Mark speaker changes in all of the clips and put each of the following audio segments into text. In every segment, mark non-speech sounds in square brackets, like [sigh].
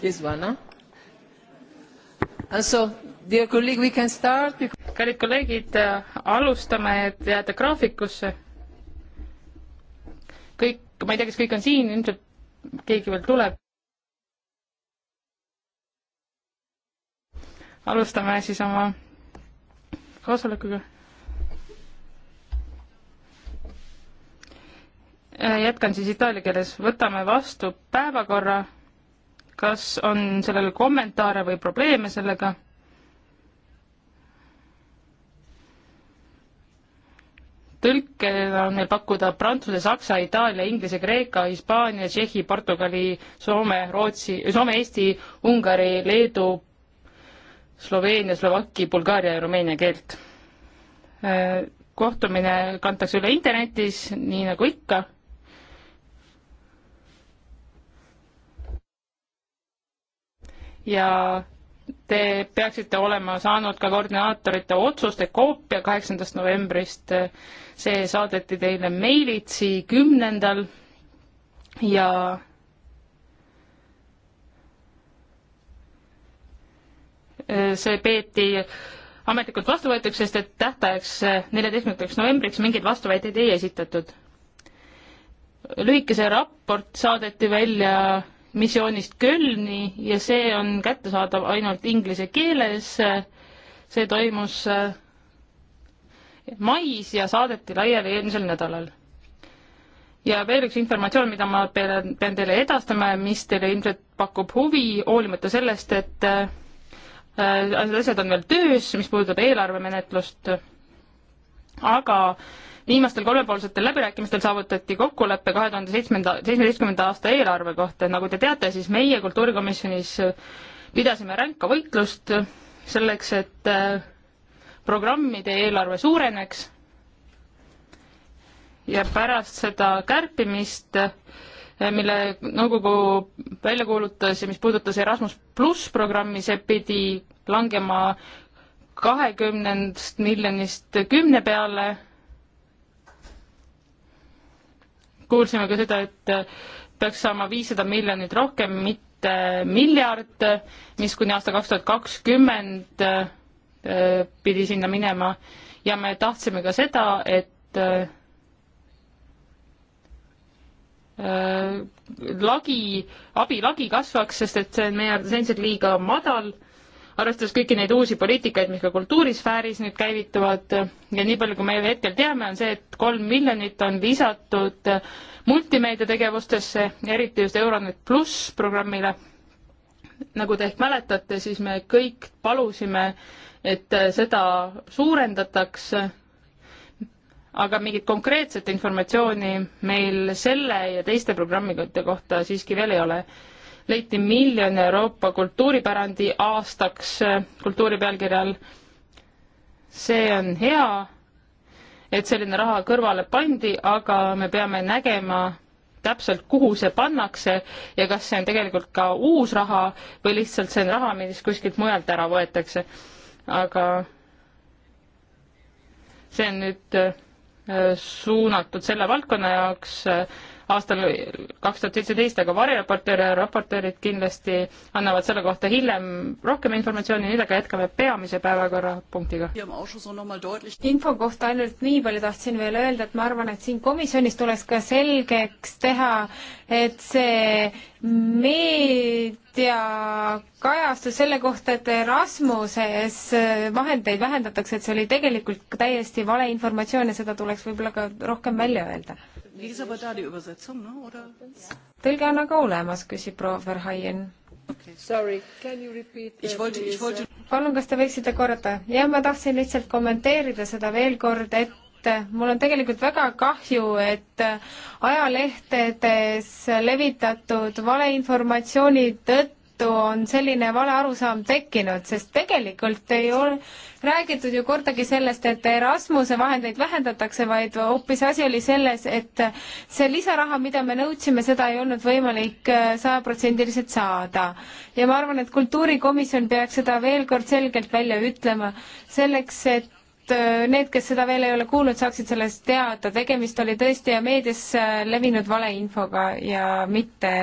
Speaker 1: This one, huh? And so, dear colleague, we can start because kallid kolleegid, äh, alustame, et jääda graafikusse. kõik, ma ei tea, kas kõik on siin, ilmselt keegi veel tuleb. alustame siis oma koosolekuga. Äh, jätkan siis itaalia keeles, võtame vastu päevakorra kas on sellele kommentaare või probleeme sellega? tõlkena on meil pakkuda prantsuse, saksa, itaalia, inglise, kreeka, hispaania, tšehhi, portugali, soome, rootsi, soome, eesti, ungari, leedu, Sloveenia, Slovakki, Bulgaaria ja Rumeenia keelt. kohtumine kantakse üle internetis, nii nagu ikka ja te peaksite olema saanud ka koordinaatorite otsuste koopia kaheksandast novembrist. see saadeti teile meilitsi kümnendal ja see peeti ametlikult vastuvõetuks, sest et tähtajaks, neljateistkümnendaks novembriks mingeid vastuväiteid ei esitatud. lühikese raport saadeti välja missioonist Kölni ja see on kättesaadav ainult inglise keeles. see toimus äh, mais ja saadeti laiali eelmisel nädalal. ja veel üks informatsioon, mida ma pean, pean teile edastama ja mis teile ilmselt pakub huvi, hoolimata sellest, et äh, äh, asjad on veel töös, mis puudutab eelarvemenetlust, aga viimastel kolmepoolsetel läbirääkimistel saavutati kokkulepe kahe tuhande seitsmenda, seitsmeteistkümnenda aasta eelarve kohta. nagu te teate, siis meie kultuurikomisjonis pidasime ränka võitlust selleks, et äh, programmide eelarve suureneks ja pärast seda kärpimist, äh, mille nõukogu välja kuulutas ja mis puudutas Erasmus pluss programmi, see pidi langema kahekümnendast miljonist kümne peale kuulsime ka seda, et peaks saama viissada miljonit rohkem, mitte miljard, mis kuni aasta kaks tuhat kakskümmend äh, pidi sinna minema ja me tahtsime ka seda, et äh, lagi, abilagi kasvaks, sest et see on meie arvates endiselt liiga madal arvestades kõiki neid uusi poliitikaid, mis ka kultuurisfääris nüüd käivituvad ja nii palju, kui me hetkel teame, on see, et kolm miljonit on lisatud multimeediategevustesse, eriti just Euronet pluss programmile. nagu te ehk mäletate, siis me kõik palusime, et seda suurendataks, aga mingit konkreetset informatsiooni meil selle ja teiste programmide kohta siiski veel ei ole leiti miljon Euroopa kultuuripärandi aastaks äh, kultuuri pealkirjal. see on hea, et selline raha kõrvale pandi, aga me peame nägema täpselt, kuhu see pannakse ja kas see on tegelikult ka uus raha või lihtsalt see on raha, mis kuskilt mujalt ära võetakse. aga see on nüüd äh, suunatud selle valdkonna jaoks äh, aastal kaks tuhat seitseteist, aga variraportöör ja raportöörid kindlasti annavad selle kohta hiljem rohkem informatsiooni, nüüd aga jätkame peamise päevakorrapunktiga.
Speaker 2: info kohta ainult nii palju tahtsin veel öelda, et ma arvan, et siin komisjonis tuleks ka selgeks teha, et see meediakajastus selle kohta, et Erasmuses vahendeid vähendatakse, et see oli tegelikult täiesti valeinformatsioon ja seda tuleks võib-olla ka rohkem välja öelda.
Speaker 3: Elisabeth hat die Übersetzung, ne? Oder?
Speaker 2: Tõlge on aga olemas, küsib proua Verhaien.
Speaker 3: Sorry, can you repeat that, ich wollte, ich wollte...
Speaker 2: palun, kas te võiksite korrata? jah, ma tahtsin lihtsalt kommenteerida seda veel kord, et äh, mul on tegelikult väga kahju, et äh, ajalehtedes levitatud valeinformatsiooni tõttu tõttu on selline vale arusaam tekkinud, sest tegelikult ei ole räägitud ju kordagi sellest, et Erasmuse vahendeid vähendatakse, vaid hoopis asi oli selles, et see lisaraha, mida me nõudsime, seda ei olnud võimalik äh, sajaprotsendiliselt saada. ja ma arvan, et kultuurikomisjon peaks seda veel kord selgelt välja ütlema, selleks et äh, need, kes seda veel ei ole kuulnud, saaksid sellest teada, tegemist oli tõesti meedias äh, levinud valeinfoga ja mitte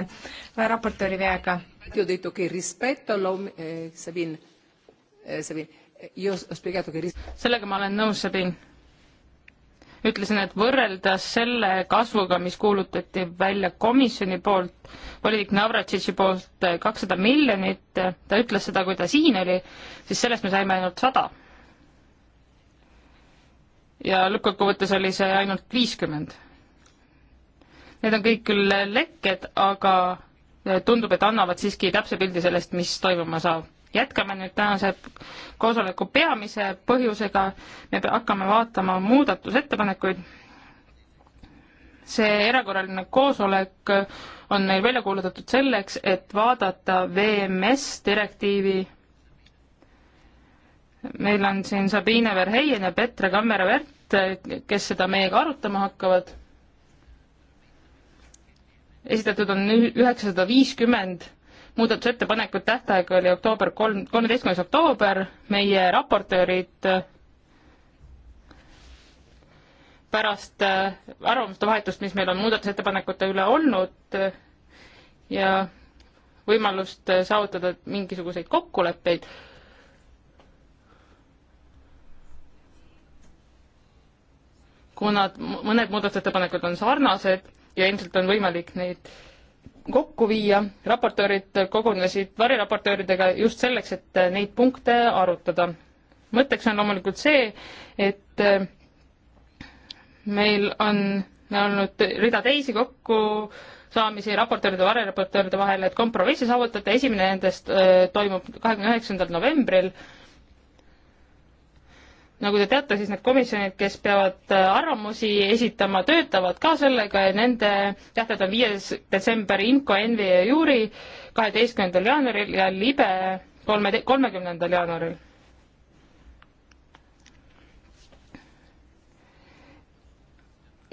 Speaker 2: raportööri veaga
Speaker 4: Io ho detto che rispetto all'aum- eh, Sabine, eh, Sabine, io ho spiegato che ris- sellega ma olen nõus, Sabine. ütlesin, et võrreldes selle
Speaker 1: kasvuga, mis kuulutati välja komisjoni poolt, volinik Navratšitši poolt eh, kakssada miljonit, eh, ta ütles seda, kui ta siin oli, siis sellest me saime ainult sada. ja lõppkokkuvõttes oli see ainult viiskümmend. Need on kõik küll lekked, aga tundub, et annavad siiski täpse pildi sellest, mis toimuma saab. jätkame nüüd tänase koosoleku peamise põhjusega, me hakkame vaatama muudatusettepanekuid. see erakorraline koosolek on meil välja kuulutatud selleks, et vaadata VMS direktiivi meil on siin Sabine Verheyen ja Petra Kammerwert, kes seda meiega arutama hakkavad esitatud on üheksasada viiskümmend muudatusettepanekut, tähtaeg oli oktoober kolm, kolmeteistkümnes oktoober, meie raportöörid pärast äh, arvamuste vahetust, mis meil on muudatusettepanekute üle olnud äh, ja võimalust äh, saavutada mingisuguseid kokkuleppeid. kuna mõned muudatusettepanekud on sarnased ja ilmselt on võimalik neid kokku viia, raportöörid kogunesid variraportööridega just selleks, et neid punkte arutada. mõtteks on loomulikult see, et meil on olnud rida teisi kokkusaamisi raportööride, variraportööride vahel, et kompromissi saavutada, esimene nendest äh, toimub kahekümne üheksandal novembril nagu te teate, siis need komisjonid, kes peavad äh, arvamusi esitama, töötavad ka sellega ja nende tähtajad on viies detsember IMCO, ENVI ja Juri, kaheteistkümnendal jaanuaril ja libe kolme, kolmekümnendal jaanuaril.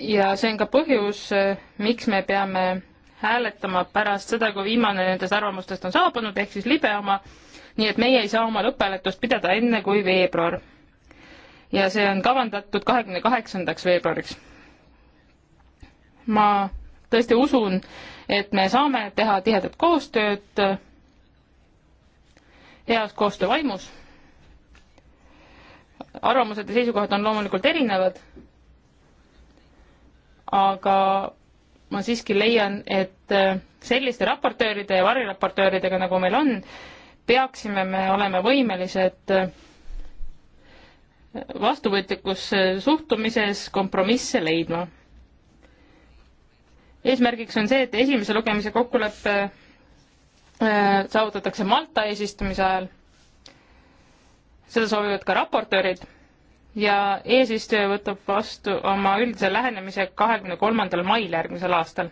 Speaker 1: ja see on ka põhjus, äh, miks me peame hääletama pärast seda, kui viimane nendest arvamustest on saabunud, ehk siis libe oma, nii et meie ei saa oma lõpphääletust pidada enne kui veebruar ja see on kavandatud kahekümne kaheksandaks veebruariks. ma tõesti usun, et me saame teha tihedat koostööd heas koostöövaimus. arvamused ja seisukohad on loomulikult erinevad, aga ma siiski leian, et selliste raportööride ja variraportööridega, nagu meil on, peaksime me olema võimelised vastuvõtlikus suhtumises kompromisse leidma. eesmärgiks on see, et esimese lugemise kokkulepe äh, saavutatakse Malta eesistumise ajal. seda soovivad ka raportöörid ja eesistuja võtab vastu oma üldise lähenemise kahekümne kolmandal mail järgmisel aastal.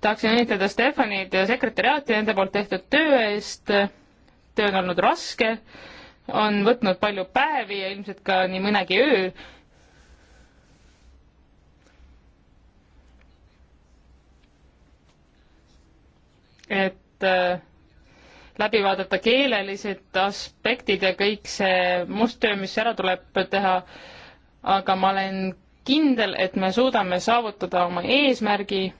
Speaker 1: tahaksin õnnitleda Stefanit ja sekretäriaati nende poolt tehtud töö eest. töö on olnud raske on võtnud palju päevi ja ilmselt ka nii mõnegi öö. et äh, läbi vaadata keelelised aspektid ja kõik see must töö, mis ära tuleb teha. aga ma olen kindel, et me suudame saavutada oma eesmärgi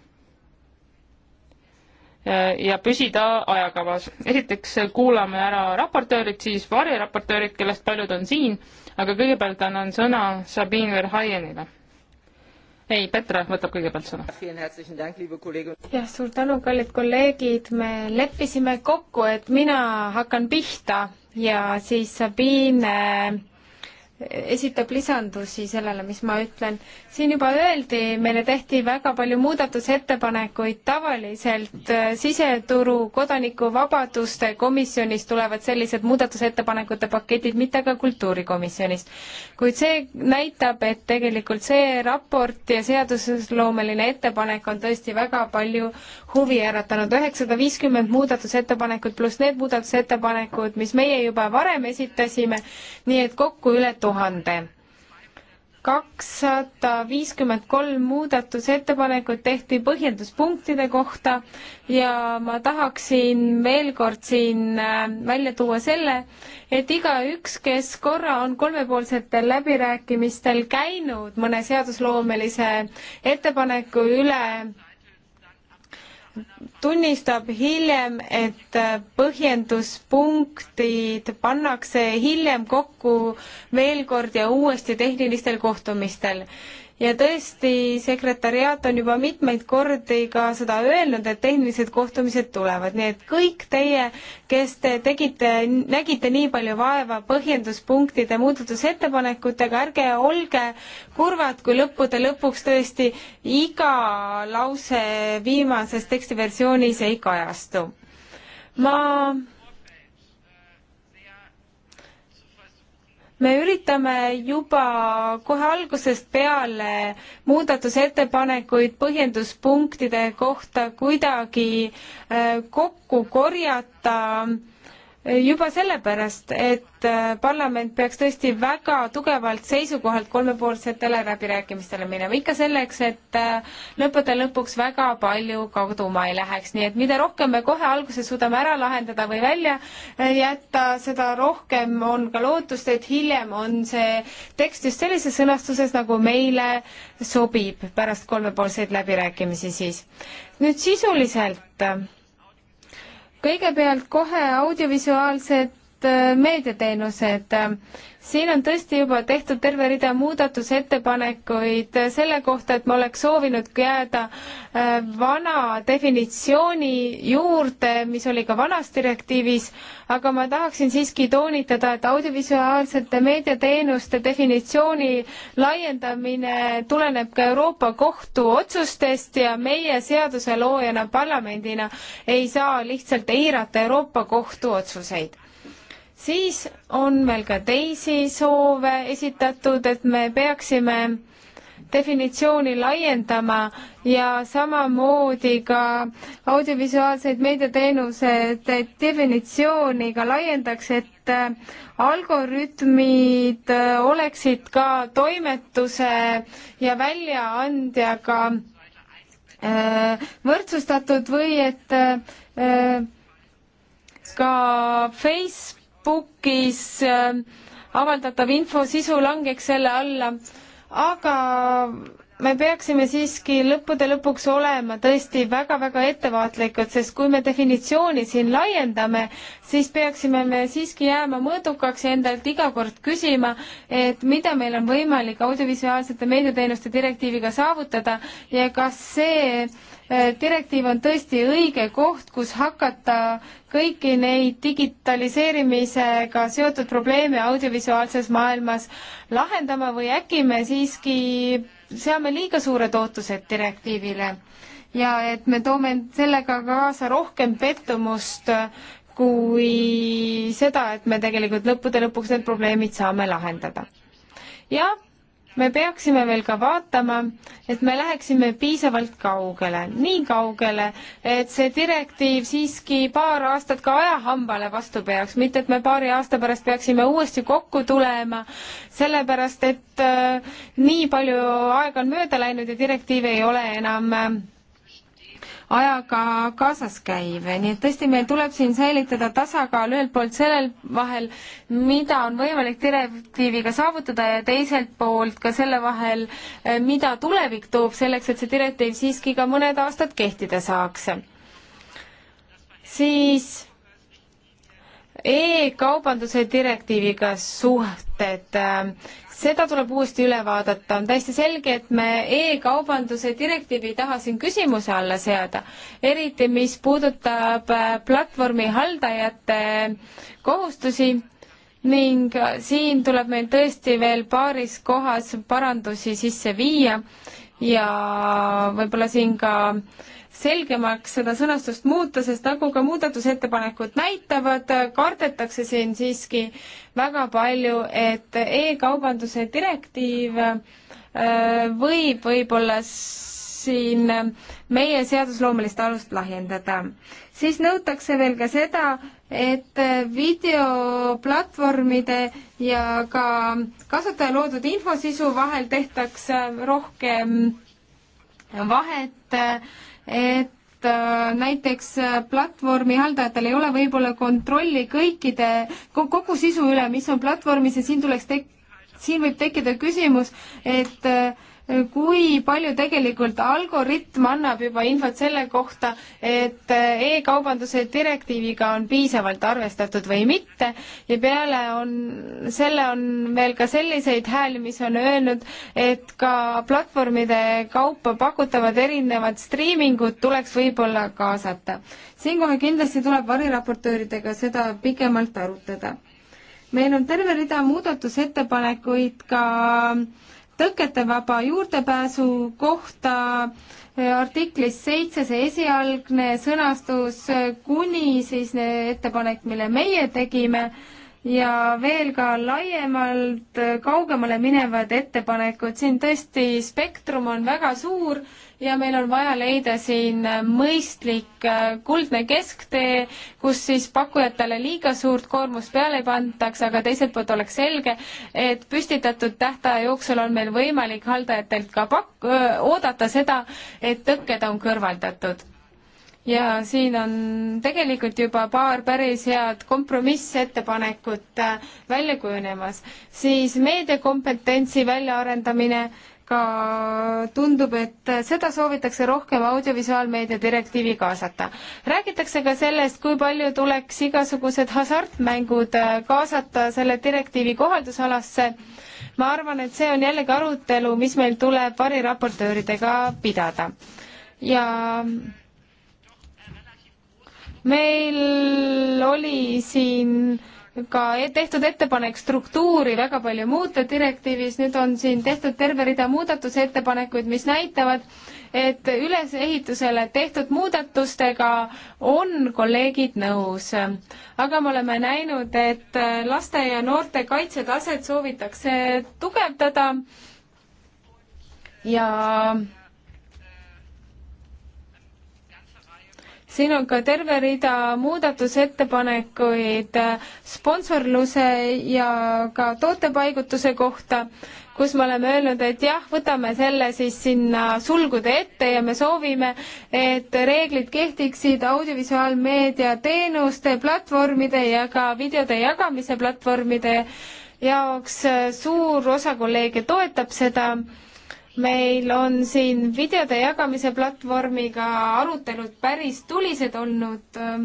Speaker 1: ja püsida ajakavas. esiteks kuulame ära raportöörid, siis variraportöörid, kellest paljud on siin, aga kõigepealt annan sõna Sabine Verhaienile. ei, Petra
Speaker 4: võtab kõigepealt sõna.
Speaker 2: jah, suur tänu, kallid kolleegid, me leppisime kokku, et mina hakkan pihta ja siis Sabine äh, esitab lisandusi sellele, mis ma ütlen. siin juba öeldi, meile tehti väga palju muudatusettepanekuid, tavaliselt äh, siseturu kodanikuvabaduste komisjonist tulevad sellised muudatusettepanekute paketid, mitte ka kultuurikomisjonist. kuid see näitab, et tegelikult see raport ja seadusloomeline ettepanek on tõesti väga palju huvi äratanud üheksasada viiskümmend muudatusettepanekut pluss need muudatusettepanekud, mis meie juba varem esitasime, nii et kokku üle tuhande. kakssada viiskümmend kolm muudatusettepanekut tehti põhjenduspunktide kohta ja ma tahaksin veel kord siin äh, välja tuua selle, et igaüks, kes korra on kolmepoolsetel läbirääkimistel käinud mõne seadusloomelise ettepaneku üle, tunnistab hiljem, et põhjenduspunktid pannakse hiljem kokku veel kord ja uuesti tehnilistel kohtumistel ja tõesti, sekretäriaat on juba mitmeid kordi ka seda öelnud, et tehnilised kohtumised tulevad, nii et kõik teie, kes te tegite, nägite nii palju vaeva põhjenduspunktide muudatusettepanekutega, ärge olge kurvad, kui lõppude lõpuks tõesti iga lause viimases tekstiversioonis ei kajastu. ma me üritame juba kohe algusest peale muudatusettepanekuid põhjenduspunktide kohta kuidagi äh, kokku korjata juba sellepärast, et äh, parlament peaks tõesti väga tugevalt seisukohalt kolmepoolsetele läbirääkimistele minema, ikka selleks, et äh, lõppude lõpuks väga palju kaduma ei läheks, nii et mida rohkem me kohe alguses suudame ära lahendada või välja äh, jätta, seda rohkem on ka lootust, et hiljem on see tekst just sellises sõnastuses, nagu meile sobib pärast kolmepoolseid läbirääkimisi siis. nüüd sisuliselt kõigepealt kohe audiovisuaalsed Äh, meediateenused. siin on tõesti juba tehtud terve rida muudatusettepanekuid selle kohta, et ma oleks soovinud jääda äh, vana definitsiooni juurde, mis oli ka vanas direktiivis, aga ma tahaksin siiski toonitada, et audiovisuaalsete meediateenuste definitsiooni laiendamine tuleneb ka Euroopa Kohtu otsustest ja meie seaduseloojana parlamendina ei saa lihtsalt eirata Euroopa Kohtu otsuseid siis on meil ka teisi soove esitatud, et me peaksime definitsiooni laiendama ja samamoodi ka audiovisuaalseid meediateenuseid definitsiooni ka laiendaks, et äh, algoritmid äh, oleksid ka toimetuse ja väljaandjaga äh, võrdsustatud või et ka Facebook Facebookis äh, avaldatav info sisu langeks selle alla, aga me peaksime siiski lõppude lõpuks olema tõesti väga-väga ettevaatlikud, sest kui me definitsiooni siin laiendame, siis peaksime me siiski jääma mõõdukaks ja endalt iga kord küsima, et mida meil on võimalik audiovisuaalsete meediateenuste direktiiviga saavutada ja kas see eh, direktiiv on tõesti õige koht, kus hakata kõiki neid digitaliseerimisega seotud probleeme audiovisuaalses maailmas lahendama või äkki me siiski seame liiga suured ootused direktiivile ja et me toome sellega kaasa rohkem pettumust kui seda, et me tegelikult lõppude lõpuks need probleemid saame lahendada. jah, me peaksime veel ka vaatama, et me läheksime piisavalt kaugele, nii kaugele, et see direktiiv siiski paar aastat ka ajahambale vastu peaks, mitte et me paari aasta pärast peaksime uuesti kokku tulema, sellepärast et äh, nii palju aega on mööda läinud ja direktiiv ei ole enam äh, ajaga kaasas käiv, nii et tõesti, meil tuleb siin säilitada tasakaal ühelt poolt sellel vahel, mida on võimalik direktiiviga saavutada ja teiselt poolt ka selle vahel, eh, mida tulevik toob selleks, et see direktiiv siiski ka mõned aastad kehtida saaks. siis e-kaubanduse direktiiviga suhted, seda tuleb uuesti üle vaadata, on täiesti selge, et me e-kaubanduse direktiivi ei taha siin küsimuse alla seada, eriti mis puudutab äh, platvormi haldajate kohustusi ning siin tuleb meil tõesti veel paaris kohas parandusi sisse viia ja võib-olla siin ka äh, selgemaks seda sõnastust muuta, sest nagu ka muudatusettepanekud näitavad, kardetakse siin siiski väga palju, et e-kaubanduse direktiiv äh, võib võib-olla siin meie seadusloomelist alust lahjendada. siis nõutakse veel ka seda, et videoplatvormide ja ka kasutaja loodud infosisu vahel tehtaks rohkem vahet et äh, näiteks äh, platvormi haldajatel ei ole võib-olla kontrolli kõikide, kogu sisu üle, mis on platvormis ja siin tuleks tek-, siin võib tekkida küsimus, et äh, kui palju tegelikult algoritm annab juba infot selle kohta, et äh, e-kaubanduse direktiiviga on piisavalt arvestatud või mitte ja peale on, selle on veel ka selliseid hääli, mis on öelnud, et ka platvormide kaupa pakutavad erinevad striimingud tuleks võib-olla kaasata. siinkohal kindlasti tuleb variraportööridega seda pikemalt arutada meil on terve rida muudatusettepanekuid ka tõketevaba juurdepääsu kohta eh, artiklis seitse, see esialgne sõnastus eh, kuni siis ettepanek, mille meie tegime ja veel ka laiemalt äh, kaugemale minevad ettepanekud, siin tõesti spektrum on väga suur ja meil on vaja leida siin äh, mõistlik äh, kuldne kesktee, kus siis pakkujatele liiga suurt koormust peale ei pandaks, aga teiselt poolt oleks selge, et püstitatud tähtaja jooksul on meil võimalik haldajatelt ka pak-, oodata seda, et tõkked on kõrvaldatud ja siin on tegelikult juba paar päris head kompromissettepanekut äh, välja kujunemas. siis meediakompetentsi väljaarendamine, ka tundub, et seda soovitakse rohkem audiovisuaalmeedia direktiivi kaasata. räägitakse ka sellest, kui palju tuleks igasugused hasartmängud äh, kaasata selle direktiivi kohaldusalasse. ma arvan, et see on jällegi arutelu, mis meil tuleb variraportööridega pidada. ja meil oli siin ka e-, tehtud ettepanek struktuuri väga palju muuta direktiivis, nüüd on siin tehtud terve rida muudatusettepanekuid, mis näitavad, et ülesehitusele tehtud muudatustega on kolleegid nõus. aga me oleme näinud, et laste ja noorte kaitsetaset soovitakse tugevdada ja siin on ka terve rida muudatusettepanekuid äh, sponsorluse ja ka tootepaigutuse kohta, kus me oleme öelnud, et jah, võtame selle siis sinna sulgude ette ja me soovime, et reeglid kehtiksid audiovisuaalmeedia teenuste, platvormide ja ka videode jagamise platvormide jaoks. suur osa kolleege toetab seda meil on siin videote jagamise platvormiga arutelud päris tulised olnud ähm,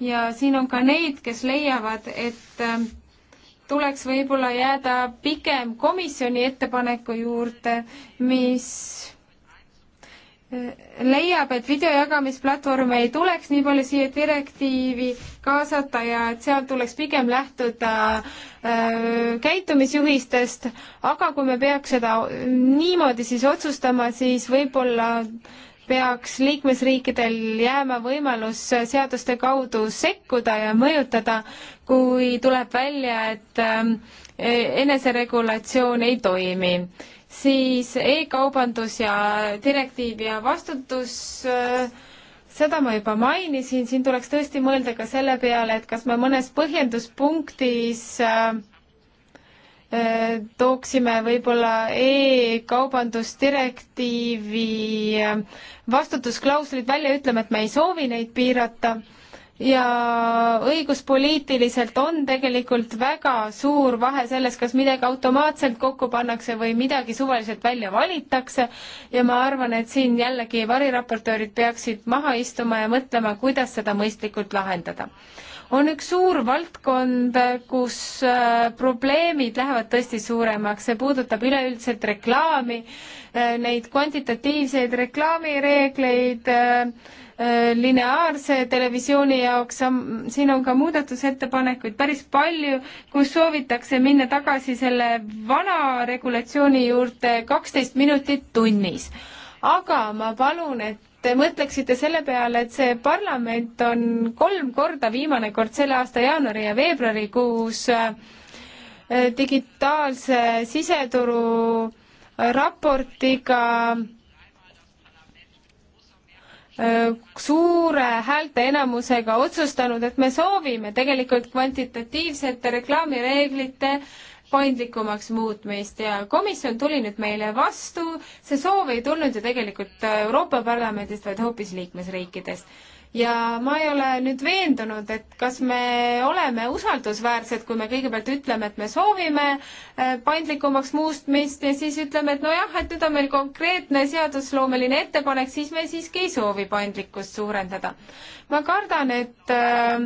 Speaker 2: ja siin on ka neid, kes leiavad, et ähm, tuleks võib-olla jääda pigem komisjoni ettepaneku juurde, mis leiab, et videojagamisplatvorme ei tuleks nii palju siia direktiivi kaasata ja et seal tuleks pigem lähtuda äh, käitumisjuhistest, aga kui me peaks seda niimoodi siis otsustama, siis võib-olla peaks liikmesriikidel jääma võimalus seaduste kaudu sekkuda ja mõjutada, kui tuleb välja, et äh, eneseregulatsioon ei toimi siis e-kaubandus ja direktiiv ja vastutus, seda ma juba mainisin, siin tuleks tõesti mõelda ka selle peale, et kas me mõnes põhjenduspunktis äh, tooksime võib-olla e-kaubandusdirektiivi äh, vastutusklauslid välja, ütleme, et me ei soovi neid piirata ja õiguspoliitiliselt on tegelikult väga suur vahe selles, kas midagi automaatselt kokku pannakse või midagi suvaliselt välja valitakse ja ma arvan, et siin jällegi variraportöörid peaksid maha istuma ja mõtlema, kuidas seda mõistlikult lahendada. on üks suur valdkond, kus äh, probleemid lähevad tõesti suuremaks, see puudutab üleüldiselt reklaami, äh, neid kvantitatiivseid reklaamireegleid, äh, Äh, lineaarse televisiooni jaoks, siin on ka muudatusettepanekuid päris palju, kus soovitakse minna tagasi selle vana regulatsiooni juurde kaksteist minutit tunnis. aga ma palun, et te mõtleksite selle peale, et see parlament on kolm korda, viimane kord selle aasta jaanuari ja veebruarikuus äh, digitaalse siseturu raportiga äh, Äh, suure häälteenamusega otsustanud, et me soovime tegelikult kvantitatiivsete reklaamireeglite paindlikumaks muutmist ja komisjon tuli nüüd meile vastu, see soov ei tulnud ju tegelikult Euroopa Parlamendist, vaid hoopis liikmesriikidest ja ma ei ole nüüd veendunud, et kas me oleme usaldusväärsed, kui me kõigepealt ütleme, et me soovime äh, paindlikumaks muustmist ja siis ütleme, et nojah, et nüüd on meil konkreetne seadusloomeline ettepanek, siis me siiski ei soovi paindlikkust suurendada. ma kardan, et äh,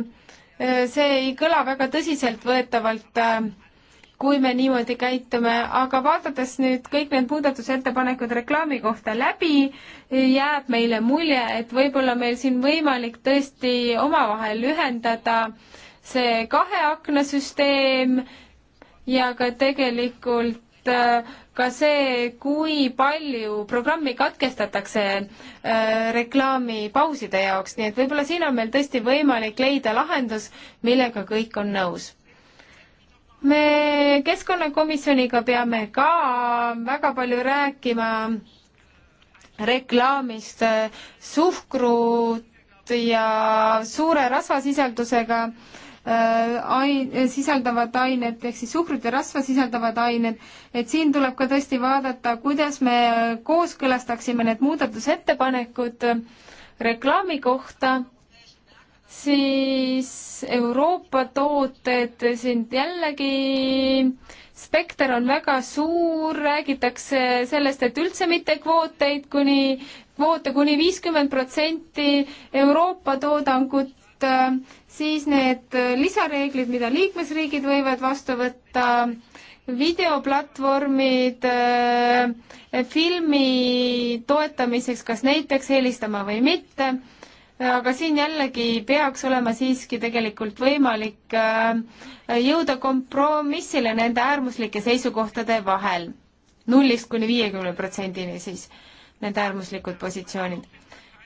Speaker 2: äh, see ei kõla väga tõsiseltvõetavalt kui me niimoodi käitume, aga vaadates nüüd kõik need muudatusettepanekud reklaami kohta läbi, jääb meile mulje, et võib-olla meil siin võimalik tõesti omavahel ühendada see kahe akna süsteem ja ka tegelikult äh, ka see, kui palju programmi katkestatakse äh, reklaamipauside jaoks, nii et võib-olla siin on meil tõesti võimalik leida lahendus, millega kõik on nõus me keskkonnakomisjoniga peame ka väga palju rääkima reklaamist, suhkrut ja suure rasvasisaldusega äh, ain-, sisaldavad ained, ehk siis suhkrut ja rasva sisaldavad ained, et siin tuleb ka tõesti vaadata, kuidas me kooskõlastaksime need muudatusettepanekud reklaami kohta siis Euroopa tooted, siin jällegi spekter on väga suur, räägitakse sellest, et üldse mitte kvooteid kuni, kvoote kuni viiskümmend protsenti Euroopa toodangut, siis need lisareeglid, mida liikmesriigid võivad vastu võtta, videoplatvormid filmi toetamiseks, kas neid peaks eelistama või mitte aga siin jällegi peaks olema siiski tegelikult võimalik äh, jõuda kompromissile nende äärmuslike seisukohtade vahel, nullist kuni viiekümne protsendini siis, need äärmuslikud positsioonid.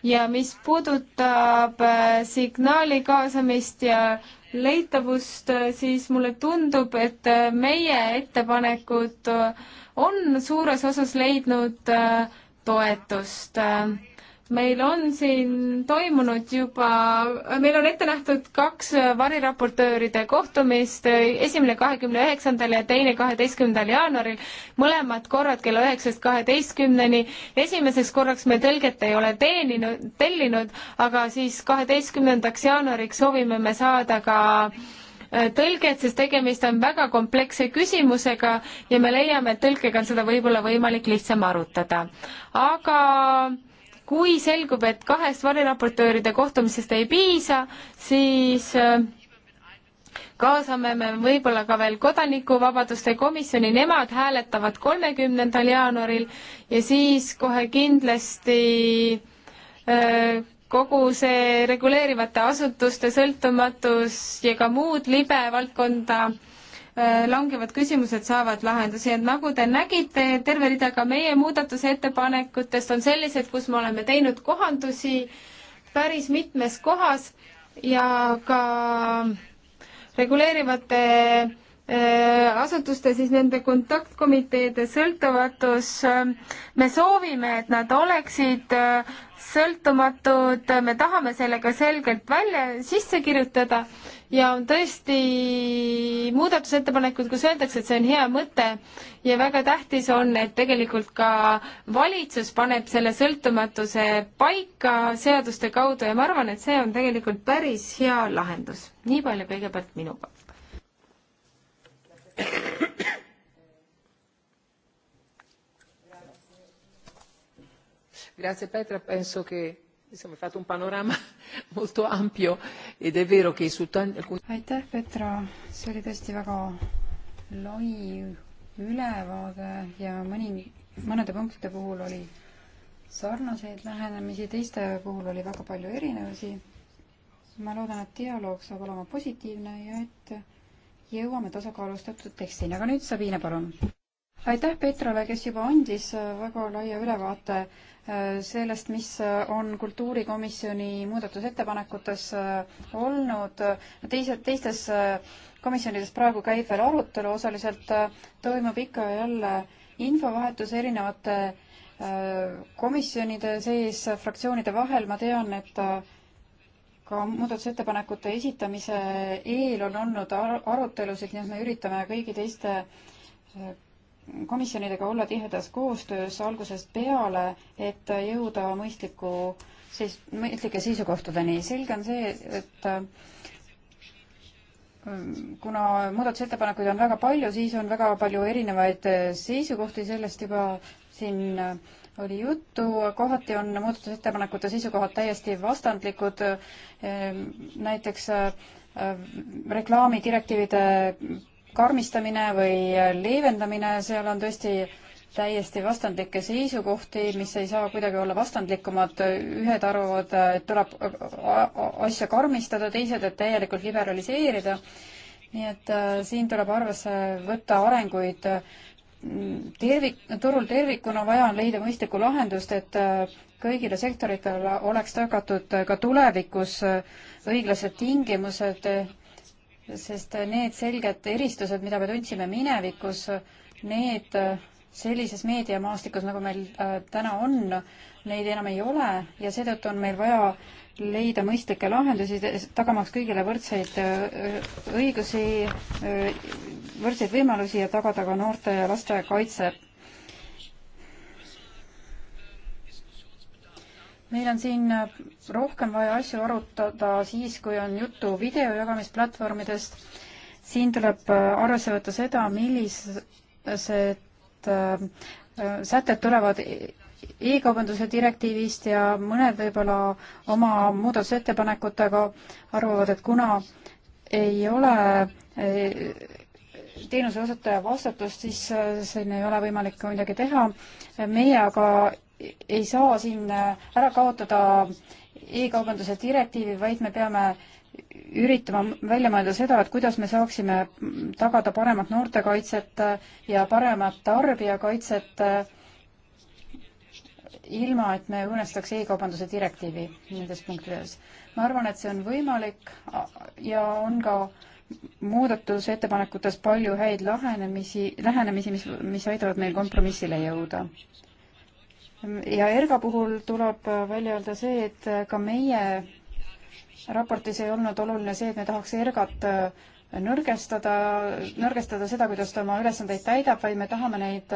Speaker 2: ja mis puudutab äh, signaali kaasamist ja leitavust, äh, siis mulle tundub, et meie ettepanekud on suures osas leidnud toetust äh, meil on siin toimunud juba, meil on ette nähtud kaks variraportööride kohtumist, esimene kahekümne üheksandal ja teine kaheteistkümnendal jaanuaril, mõlemad korrad kella üheksast kaheteistkümneni. esimeseks korraks me tõlget ei ole teeninud, tellinud, aga siis kaheteistkümnendaks jaanuariks soovime me saada ka äh, tõlget, sest tegemist on väga kompleksse küsimusega ja me leiame, et tõlkega on seda võib-olla võimalik lihtsam arutada. aga kui selgub, et kahest variraportööride kohtumisest ei piisa, siis äh, kaasame me võib-olla ka veel Kodanikuvabaduste komisjoni, nemad hääletavad kolmekümnendal jaanuaril ja siis kohe kindlasti äh, kogu see reguleerivate asutuste sõltumatus ja ka muud libe valdkonda äh, Äh, langevad küsimused saavad lahendusi, et nagu te nägite, terve rida ka meie muudatusettepanekutest on sellised, kus me oleme teinud kohandusi päris mitmes kohas ja ka reguleerivate äh, asutuste, siis nende kontaktkomiteede sõltumatus, äh, me soovime, et nad oleksid sõltumatud, me tahame selle ka selgelt välja sisse kirjutada ja on tõesti muudatusettepanekud, kus öeldakse, et see on hea mõte ja väga tähtis on, et tegelikult ka valitsus paneb selle sõltumatuse paika seaduste kaudu ja ma arvan, et see on tegelikult päris hea lahendus. nii palju kõigepealt minu poolt.
Speaker 4: Grazie Petra, penso che insomma, hai fatto un panorama [laughs] molto ampio ed è vero che su tanti... Alcun...
Speaker 5: aitäh Petra, see oli tõesti väga lai ülevaade ja mõni, mõnede punktide puhul oli sarnaseid lähenemisi, teiste puhul oli väga palju erinevusi. ma loodan, et dialoog saab olema positiivne ja et jõuame tasakaalustatud tekstini, aga nüüd Sabine, palun aitäh Petrole, kes juba andis väga laia ülevaate sellest, mis on kultuurikomisjoni muudatusettepanekutes äh, olnud. teised, teistes äh, komisjonides praegu käib veel arutelu, osaliselt äh, toimub ikka ja jälle infovahetus erinevate komisjonide sees, fraktsioonide vahel. ma tean, et ka muudatusettepanekute esitamise eel on olnud arutelusid, nii et me üritame kõigi teiste komisjonidega olla tihedas koostöös algusest peale, et jõuda mõistliku, siis mõistlike seisukohtadeni. selge on see, et mm, kuna muudatusettepanekuid on väga palju, siis on väga palju erinevaid seisukohti, sellest juba siin oli juttu, kohati on muudatusettepanekute seisukohad täiesti vastandlikud, ehm, näiteks ehm, reklaamidirektiivide karmistamine või leevendamine, seal on tõesti täiesti vastandlikke seisukohti, mis ei saa kuidagi olla vastandlikumad, ühed arvavad, et tuleb asja karmistada, teised, et täielikult liberaliseerida. nii et äh, siin tuleb arvesse võtta arenguid tervik, turul tervikuna vaja on leida mõistlikku lahendust, et äh, kõigile sektoritele oleks tagatud ka tulevikus äh, õiglased tingimused sest need selged eristused, mida me tundsime minevikus, need sellises meediamaastikus, nagu meil äh, täna on, neid enam ei ole ja seetõttu on meil vaja leida mõistlikke lahendusi, tagamaks kõigile võrdseid äh, õigusi, äh, võrdseid võimalusi ja tagada ka noorte ja laste kaitse meil on siin rohkem vaja asju arutada siis, kui on juttu videojagamisplatvormidest. siin tuleb äh, arvesse võtta seda, millised äh, sätted tulevad e-, e-kaubanduse direktiivist ja mõned võib-olla oma muudatusettepanekutega arvavad, et kuna ei ole äh, teenuse osutaja vastutust, siis siin ei ole võimalik midagi teha. meie aga ei saa siin ära kaotada e-kaubanduse direktiivi, vaid me peame üritama välja mõelda seda, et kuidas me saaksime tagada paremat noortekaitset ja paremat tarbijakaitset ilma, et me õõnestaks e-kaubanduse direktiivi nendes punktides. ma arvan, et see on võimalik ja on ka muudatusettepanekutes palju häid lahenemisi, lähenemisi, mis, mis aitavad meil kompromissile jõuda ja ERGA puhul tuleb välja öelda see, et ka meie raportis ei olnud oluline see, et me tahaks ERGA-t nõrgestada, nõrgestada seda, kuidas ta oma ülesandeid täidab, vaid me tahame neid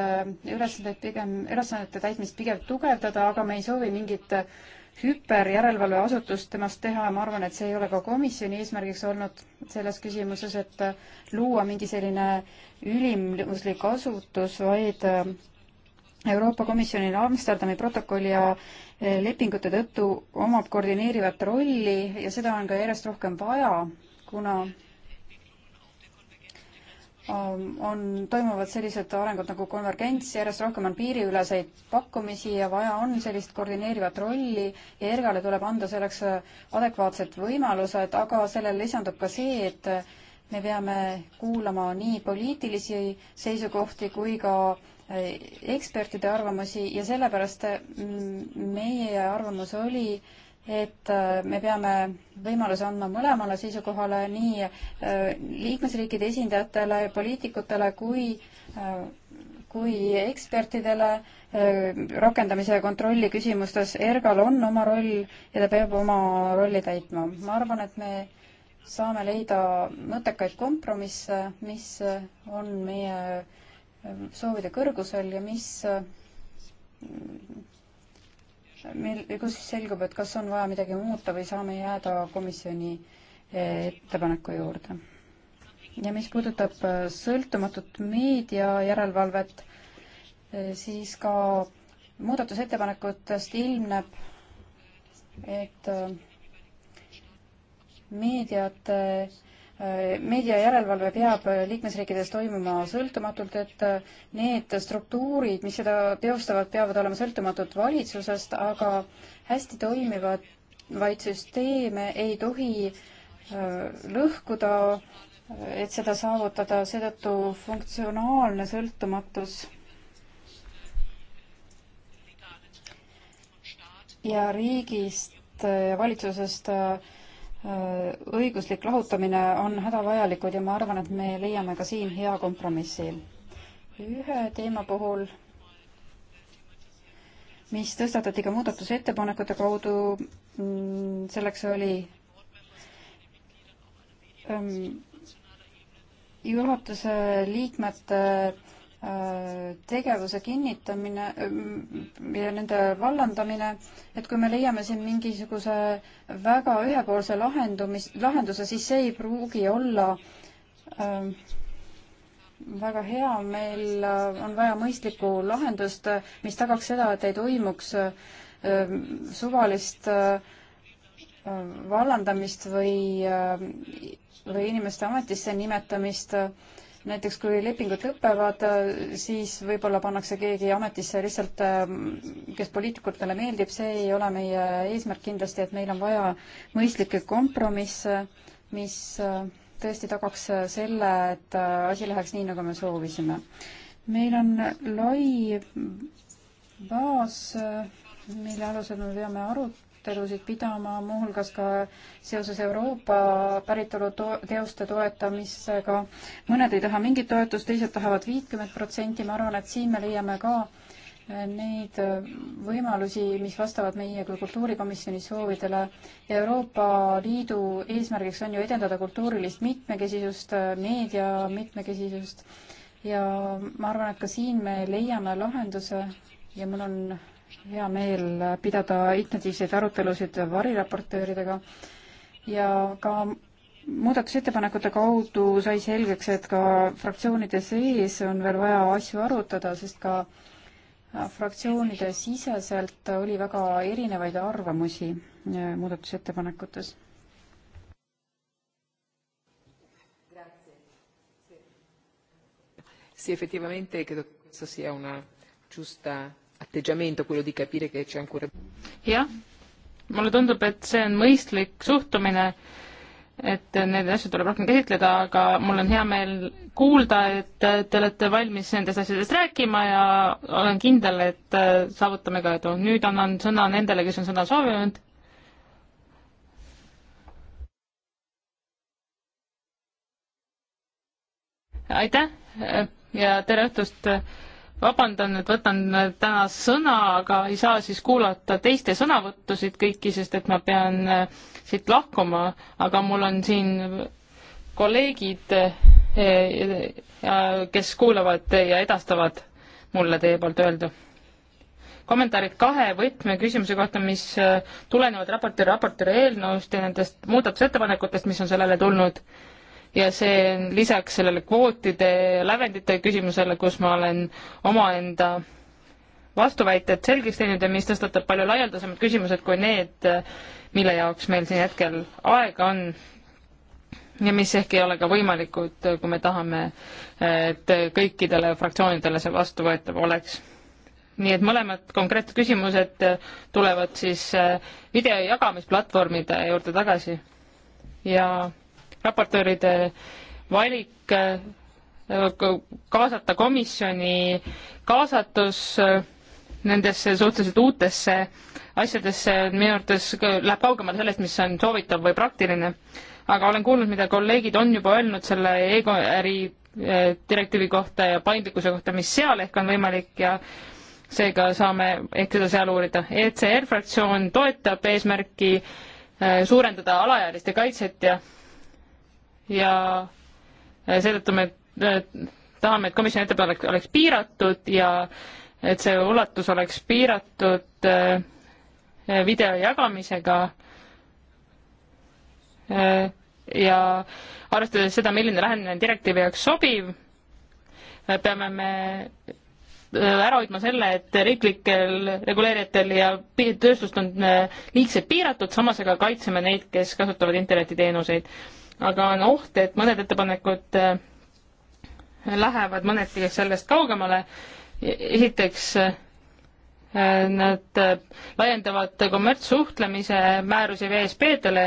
Speaker 5: ülesandeid pigem, ülesannete täitmist pigem tugevdada, aga me ei soovi mingit hüperjärelevalveasutust temast teha ja ma arvan, et see ei ole ka komisjoni eesmärgiks olnud selles küsimuses, et luua mingi selline ülimuslik asutus, vaid Euroopa Komisjonil Amsterdami protokolli ja eh, lepingute tõttu omab koordineerivat rolli ja seda on ka järjest rohkem vaja, kuna ähm, on, toimuvad sellised arengud nagu konvergents, järjest rohkem on piiriüleseid pakkumisi ja vaja on sellist koordineerivat rolli ja ERGA-le tuleb anda selleks äh, adekvaatsed võimalused, aga sellele lisandub ka see, et äh, me peame kuulama nii poliitilisi seisukohti kui ka Äh, ekspertide arvamusi ja sellepärast mm, meie arvamus oli, et äh, me peame võimaluse andma mõlemale seisukohale, nii äh, liikmesriikide esindajatele, poliitikutele kui, kui ekspertidele rakendamise ja kontrolli küsimustes. ERGAL on oma roll ja ta peab oma rolli täitma. ma arvan, et me saame leida mõttekaid kompromisse, mis on meie Ähm, soovide kõrgusel ja mis äh, meil, kus siis selgub, et kas on vaja midagi muuta või saame jääda komisjoni äh, ettepaneku juurde. ja mis puudutab äh, sõltumatut meediajärelevalvet, siis ka muudatusettepanekutest ilmneb, et meediate äh, meediajärelevalve peab liikmesriikides toimuma sõltumatult, et need struktuurid, mis seda teostavad, peavad olema sõltumatud valitsusest, aga hästi toimivad vaid süsteeme ei tohi äh, lõhkuda, et seda saavutada, seetõttu funktsionaalne sõltumatus ja riigist ja valitsusest äh, Äh, õiguslik lahutamine on hädavajalikud ja ma arvan, et me leiame ka siin hea kompromissi. ühe teema puhul, mis tõstatati ka muudatusettepanekute kaudu, mm, selleks oli ähm, juhatuse liikmete äh, Äh, tegevuse kinnitamine äh, ja nende vallandamine, et kui me leiame siin mingisuguse väga ühepoolse lahendumis, lahenduse, siis see ei pruugi olla ähm, väga hea, meil äh, on vaja mõistlikku lahendust, mis tagaks seda, et ei toimuks ähm, suvalist vallandamist või, või inimeste ametisse nimetamist näiteks kui lepingud lõpevad, siis võib-olla pannakse keegi ametisse lihtsalt, ähm, kes poliitikutele meeldib, see ei ole meie eesmärk kindlasti, et meil on vaja mõistlikke kompromisse, mis äh, tõesti tagaks selle, et äh, asi läheks nii, nagu me soovisime. meil on lai baas, äh, mille alusel me peame arut-, arutelusid pidama, muuhulgas ka seoses Euroopa päritolu to-, teoste toetamisega. mõned ei taha mingit toetust, teised tahavad viitkümmet protsenti, ma arvan, et siin me leiame ka eh, neid eh, võimalusi, mis vastavad meie kui kultuurikomisjoni soovidele. Euroopa Liidu eesmärgiks on ju edendada kultuurilist mitmekesisust, eh, meedia mitmekesisust ja ma arvan, et ka siin me leiame lahenduse ja mul on hea meel pidada intensiivseid arutelusid variraportööridega ja ka muudatusettepanekute kaudu sai selgeks, et ka fraktsioonide sees on veel vaja asju arutada, sest ka fraktsioonide siseselt oli väga erinevaid arvamusi äh, muudatusettepanekutes.
Speaker 4: Sì, effettivamente credo che questa sia una giusta atteggiamento, quello di capire che c'è ancora.
Speaker 5: jah,
Speaker 1: mulle tundub, et see on mõistlik suhtumine, et neid asju tuleb rohkem käsitleda, aga mul on hea meel kuulda, et te olete valmis nendest asjadest rääkima ja olen kindel, et saavutame ka edu. nüüd annan sõna nendele, kes on sõna soovinud aitäh ja tere õhtust vabandan, et võtan äh, täna sõna, aga ei saa siis kuulata teiste sõnavõttusid kõiki, sest et ma pean äh, siit lahkuma, aga mul on siin kolleegid, äh, kes kuulavad ja edastavad mulle teie poolt öeldu. kommentaarid kahe võtmeküsimuse kohta, mis tulenevad raporti, raportööri eelnõust ja nendest muudatusettepanekutest, mis on sellele tulnud ja see on lisaks sellele kvootide lävendite küsimusele, kus ma olen omaenda vastuväited selgeks teinud ja mis tõstatab palju laialdasemad küsimused kui need, mille jaoks meil siin hetkel aega on ja mis ehk ei ole ka võimalikud, kui me tahame, et kõikidele fraktsioonidele see vastuvõetav oleks. nii et mõlemad konkreetsed küsimused tulevad siis video jagamisplatvormide juurde tagasi ja raportööride valik, äh, kaasata komisjoni kaasatus äh, nendesse suhteliselt uutesse asjadesse minu arvates läheb kaugemale sellest, mis on soovitav või praktiline. aga olen kuulnud, mida kolleegid on juba öelnud selle e-äri äh, direktiivi kohta ja paindlikkuse kohta, mis seal ehk on võimalik ja seega saame ehk seda seal uurida. ECR fraktsioon toetab eesmärki suurendada alaealiste kaitset ja ja seetõttu me äh, tahame, et komisjoni ettepanek oleks piiratud ja et see ulatus oleks piiratud äh, video jagamisega äh, ja arvestades seda, milline lähenemine direktiivi jaoks sobiv, peame me ära hoidma selle, et riiklikel reguleerijatel ja tööstust on liigselt piiratud, samas aga kaitseme neid, kes kasutavad internetiteenuseid aga on oht, et mõned ettepanekud äh, lähevad mõneti sellest kaugemale. E-, esiteks äh, nad äh, laiendavad kommertssuhtlemise määrusi VSP-dele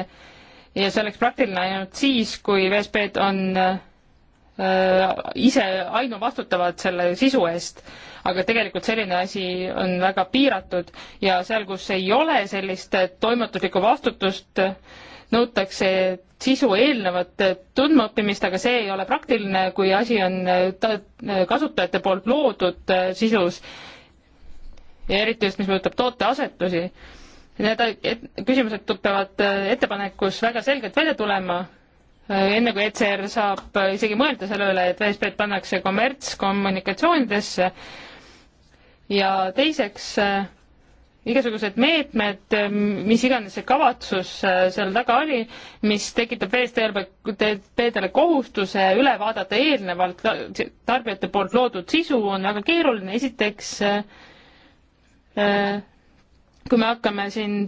Speaker 1: ja see oleks praktiline ainult siis, kui VSP-d on ise ainuvastutavad selle sisu eest, aga tegelikult selline asi on väga piiratud ja seal, kus ei ole sellist toimetuslikku vastutust, nõutakse sisu eelnevat tundmaõppimist, aga see ei ole praktiline, kui asi on kasutajate poolt loodud sisus. ja eriti just, mis puudutab tooteasetusi. Need et, küsimused peavad ettepanekus väga selgelt välja tulema, enne kui ECR saab isegi mõelda selle üle, et VSP-d pannakse kommertskommunikatsioonidesse ja teiseks äh, igasugused meetmed, mis iganes see kavatsus äh, seal taga oli, mis tekitab VSTRB-dele kohustuse üle vaadata eelnevalt tarbijate poolt loodud sisu, on väga keeruline, esiteks äh, äh, kui me hakkame siin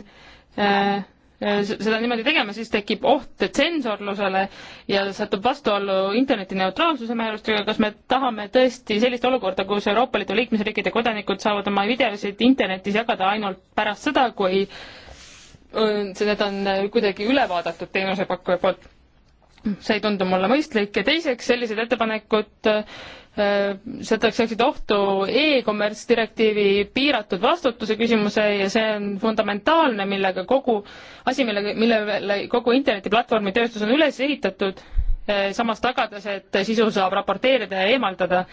Speaker 1: äh, Äh, seda niimoodi tegema, siis tekib oht tsensorlusele ja satub vastuollu interneti neutraalsuse määrustega, kas me tahame tõesti sellist olukorda, kus Euroopa Liidu liikmesriikide kodanikud saavad oma videosid internetis jagada ainult pärast seda, kui need äh, on äh, kuidagi üle vaadatud teenusepakkuja poolt. see ei tundu mulle mõistlik ja teiseks, sellised ettepanekud Äh, seatakse ohtu e-kommerts direktiivi piiratud vastutuse küsimuse ja see on fundamentaalne, millega kogu asi, millega, millele kogu internetiplatvormi tööstus on üles ehitatud, äh, samas tagades, et sisu saab raporteerida ja eemaldada.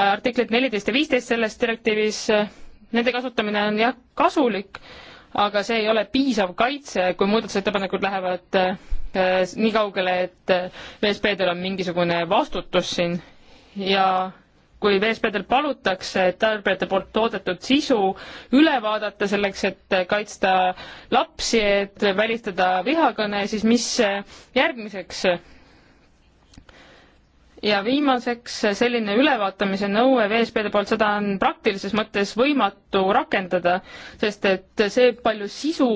Speaker 1: artiklid neliteist ja viisteist selles direktiivis, äh, nende kasutamine on jah, kasulik, aga see ei ole piisav kaitse, kui muudatusettepanekud lähevad nii kaugele, et VSP-del on mingisugune vastutus siin ja kui VSP-del palutakse tarbijate poolt toodetud sisu üle vaadata selleks, et kaitsta lapsi, et välistada vihakõne, siis mis järgmiseks? ja viimaseks selline ülevaatamise nõue VSP-de poolt, seda on praktilises mõttes võimatu rakendada, sest et see, palju sisu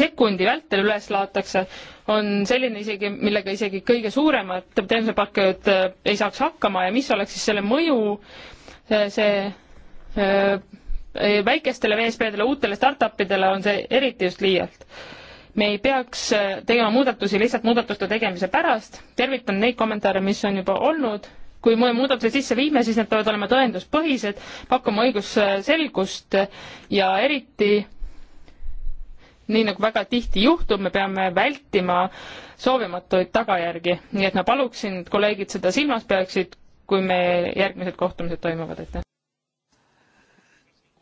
Speaker 1: sekundi vältel üles laotakse, on selline isegi, millega isegi kõige suuremad teenusepakkujad äh, ei saaks hakkama ja mis oleks siis selle mõju, see äh, väikestele VSP-dele, uutele startupidele on see eriti just liialt. me ei peaks äh, tegema muudatusi lihtsalt muudatuste tegemise pärast, tervitan neid kommentaare, mis on juba olnud, kui me muudatused sisse viime, siis need peavad olema tõenduspõhised, pakkuma õigusselgust ja eriti nii nagu väga tihti juhtub, me peame vältima soovimatuid tagajärgi, nii et ma paluksin, et kolleegid seda silmas peaksid, kui meil järgmised kohtumised toimuvad, aitäh.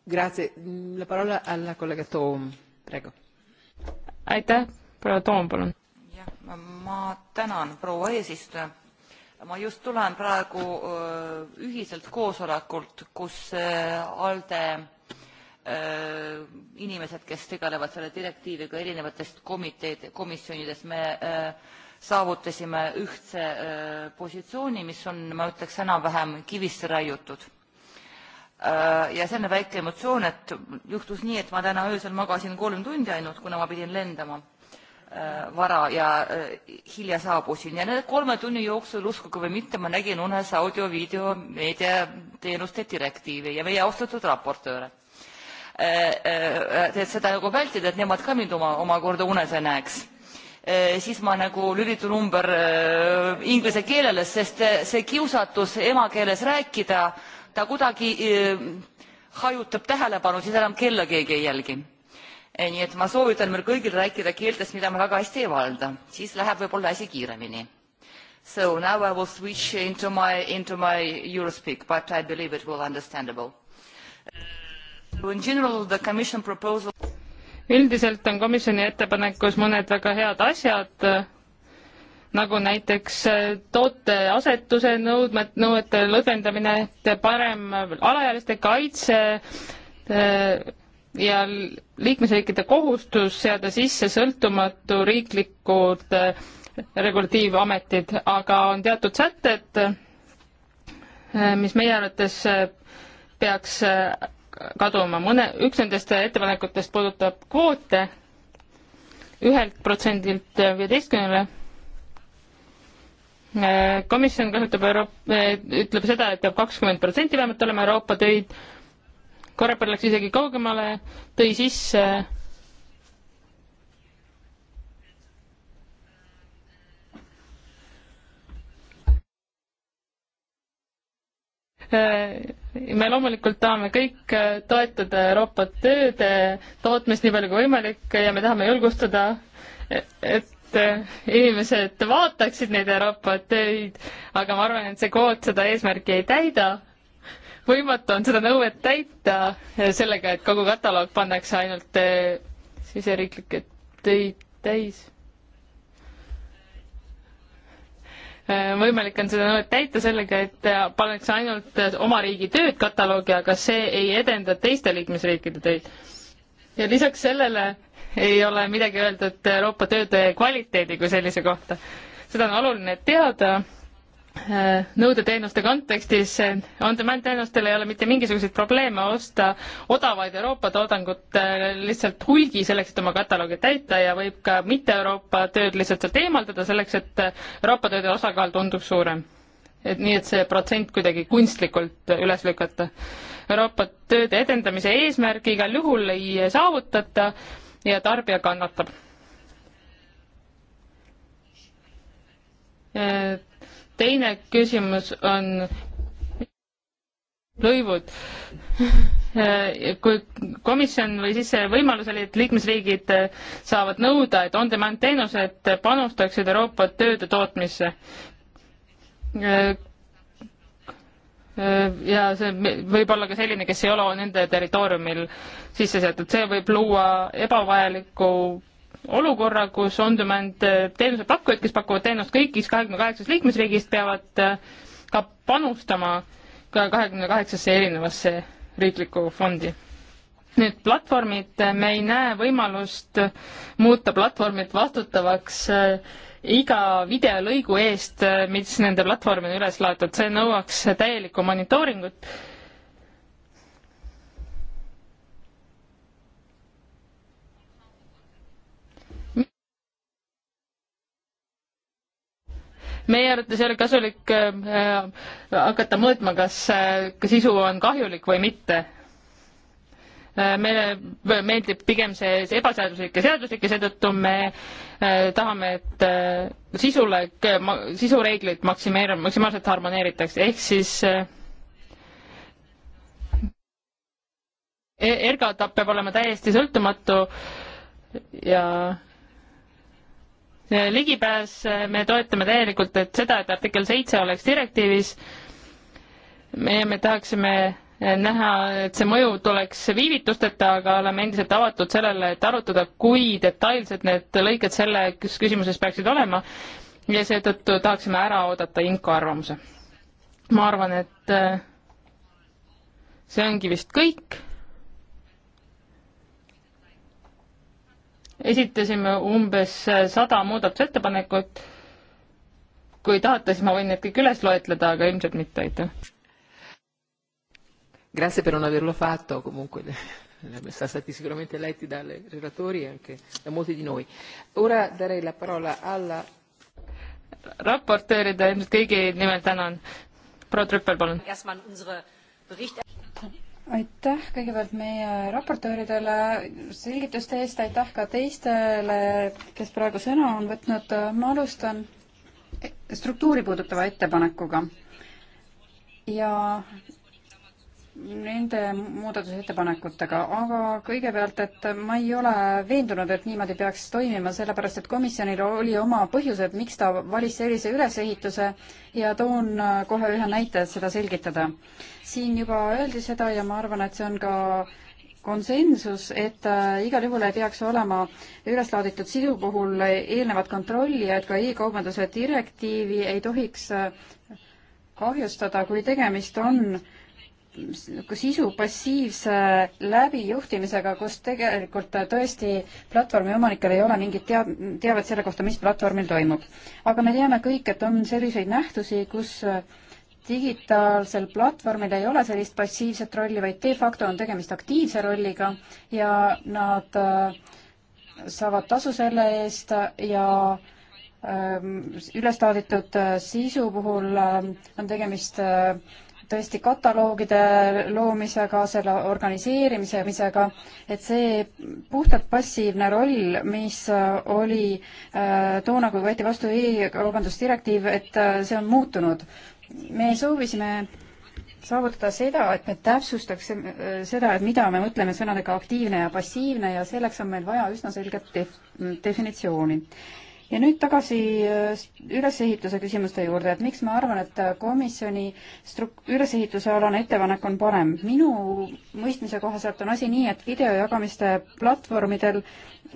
Speaker 4: Grazie, la parola alla kolleeg Toom, praegu. aitäh, proua Toom, palun.
Speaker 3: jah, ma tänan, proua eesistuja ma just tulen praegu ühiselt koosolekult, kus ALDE Äh, inimesed, kes tegelevad selle direktiiviga erinevatest komiteed, komisjonidest, me äh, saavutasime ühtse äh, positsiooni, mis on, ma ütleks, enam-vähem kivisse raiutud. ja selline väike emotsioon, et juhtus nii, et ma täna öösel magasin kolm tundi ainult, kuna ma pidin lendama vara ja hilja saabusin ja nende kolme tunni jooksul, uskuge või mitte, ma nägin unes audio-video meediateenuste direktiivi ja meie austatud raportööre Äh, äh, äh, et seda nagu vältida, et nemad ka mind oma, omakorda unes ei näeks siis ma nagu lülitun ümber inglise keelele, sest see kiusatus emakeeles rääkida, ta kuidagi hajutab tähelepanu, siis enam kella keegi ei jälgi. nii et ma soovitan meil kõigil rääkida keeltest, mida me väga hästi ei valda, siis läheb võib-olla asi kiiremini. So now I will switch into my, into my Eurospeak, but I believe it will understandable üldiselt
Speaker 1: on komisjoni ettepanekus mõned väga head asjad, nagu näiteks äh, toote asetuse nõudmed, nõuete lõdvendamine, parem alaealiste kaitse äh, ja liikmesriikide kohustus seada sisse sõltumatu riiklikud äh, regulatiivametid, aga on teatud sätted, mis meie arvates peaks kaduma, mõne, üks nendest ettepanekutest puudutab kvoote ühelt protsendilt viieteistkümnele. Äh, komisjon kasutab Euroop-, äh, ütleb seda, et peab kakskümmend protsenti vähemalt olema Euroopa töid, Koreper läks isegi kaugemale, tõi sisse äh, me loomulikult tahame kõik äh, toetada Euroopa tööde tootmist nii palju kui võimalik ja me tahame julgustada, e-, et äh, inimesed vaataksid neid Euroopa töid, aga ma arvan, et see kvoot seda eesmärki ei täida. võimatu on seda nõuet täita sellega, et kogu kataloog pannakse ainult äh, siseriiklikke töid täis võimalik on seda nõuet täita sellega, et pannakse ainult oma riigi tööd kataloogi, aga see ei edenda teiste liikmesriikide töid. ja lisaks sellele ei ole midagi öeldud Euroopa tööde kvaliteedi kui sellise kohta. seda on oluline teada Äh, nõudeteenuste kontekstis on-demand teenustel ei ole mitte mingisuguseid probleeme osta odavaid Euroopa toodangut äh, lihtsalt hulgi selleks, et oma kataloogi täita ja võib ka mitte Euroopa tööd lihtsalt sealt eemaldada selleks, et äh, Euroopa tööde osakaal tunduks suurem. et nii, et see protsent kuidagi kunstlikult üles lükata. Euroopa tööde edendamise eesmärki igal juhul ei saavutata ja tarbija kannatab teine küsimus on lõivud kui komisjon või siis see võimalus oli, et liikmesriigid saavad nõuda, et on-demand teenused panustaksid Euroopa tööde tootmisse. ja see võib olla ka selline, kes ei ole nende territooriumil sisse seatud, see võib luua ebavajalikku olukorra, kus on-demand eh, teenusepakkujad, kes pakuvad teenust kõigis kahekümne kaheksas liikmesriigis, peavad eh, ka panustama ka kahekümne kaheksasse erinevasse riiklikku fondi. Need platvormid, eh, me ei näe võimalust muuta platvormid vastutavaks iga videolõigu eest, mis nende platvormile üles laetud, see nõuaks täielikku monitooringut meie arvates ei ole kasulik äh, hakata mõõtma, äh, kas sisu on kahjulik või mitte äh, meile meeldib pigem see ebaseaduslik ja seaduslik ja seetõttu me tahame, et sisule, sisureegleid maksimeerima, maksimaalselt harmoneeritakse, ehk siis e-, ERGATAP peab olema täiesti sõltumatu ja ligipääs, me toetame täielikult, et seda, et artikkel seitse oleks direktiivis. meie, me tahaksime näha, et see mõju tuleks viivitusteta, aga oleme endiselt avatud sellele, et arutada, kui detailsed need lõiked selles küsimuses peaksid olema ja seetõttu tahaksime ära oodata Inko arvamuse. ma arvan, et see ongi vist kõik esitasime umbes sada muudatusettepanekut. kui
Speaker 4: tahate, siis ma võin need kõik üles loetleda, aga ilmselt mitte, aitäh. Grazie per non averlo fatto comunque sono stati sicuramente letti dai relatori e anche da molti di noi. Ora darei la parola alla raportööride
Speaker 1: ilmselt kõigi nimel tänan. proua Trüppel, palun
Speaker 5: aitäh kõigepealt meie raportööridele selgituste eest, aitäh ka teistele, kes praegu sõna on võtnud. ma alustan struktuuri puudutava ettepanekuga ja nende muudatusettepanekutega, aga kõigepealt, et ma ei ole veendunud, et niimoodi peaks toimima, sellepärast et komisjonil oli oma põhjused, miks ta valis sellise ülesehituse ja toon kohe ühe näite, et seda selgitada. siin juba öeldi seda ja ma arvan, et see on ka konsensus, et äh, igal juhul ei peaks olema üleslaaditud sisu puhul eelnevat kontrolli ja et ka e-kaubanduse direktiivi ei tohiks äh, kahjustada, kui tegemist on äh, sisu passiivse läbijuhtimisega, kus tegelikult tõesti platvormi omanikel ei ole mingit tead-, teavet selle kohta, mis platvormil toimub. aga me teame kõik, et on selliseid nähtusi, kus digitaalsel platvormil ei ole sellist passiivset rolli, vaid de facto on tegemist aktiivse rolliga ja nad äh, saavad tasu selle eest ja ähm, üles taaditud äh, sisu puhul äh, on tegemist tõesti kataloogide loomisega, selle organiseerimisega, et see puhtalt passiivne roll, mis äh, oli äh, toona, kui võeti vastu e-kaubandusdirektiiv, et äh, see on muutunud. me soovisime saavutada seda, et me täpsustaks seda, et mida me mõtleme sõnadega aktiivne ja passiivne ja selleks on meil vaja üsna selget def-, definitsiooni ja nüüd tagasi äh, ülesehituse küsimuste juurde, et miks ma arvan, et äh, komisjoni struk-, ülesehituse alane ettepanek on parem. minu mõistmise kohaselt on asi nii, et videojagamiste platvormidel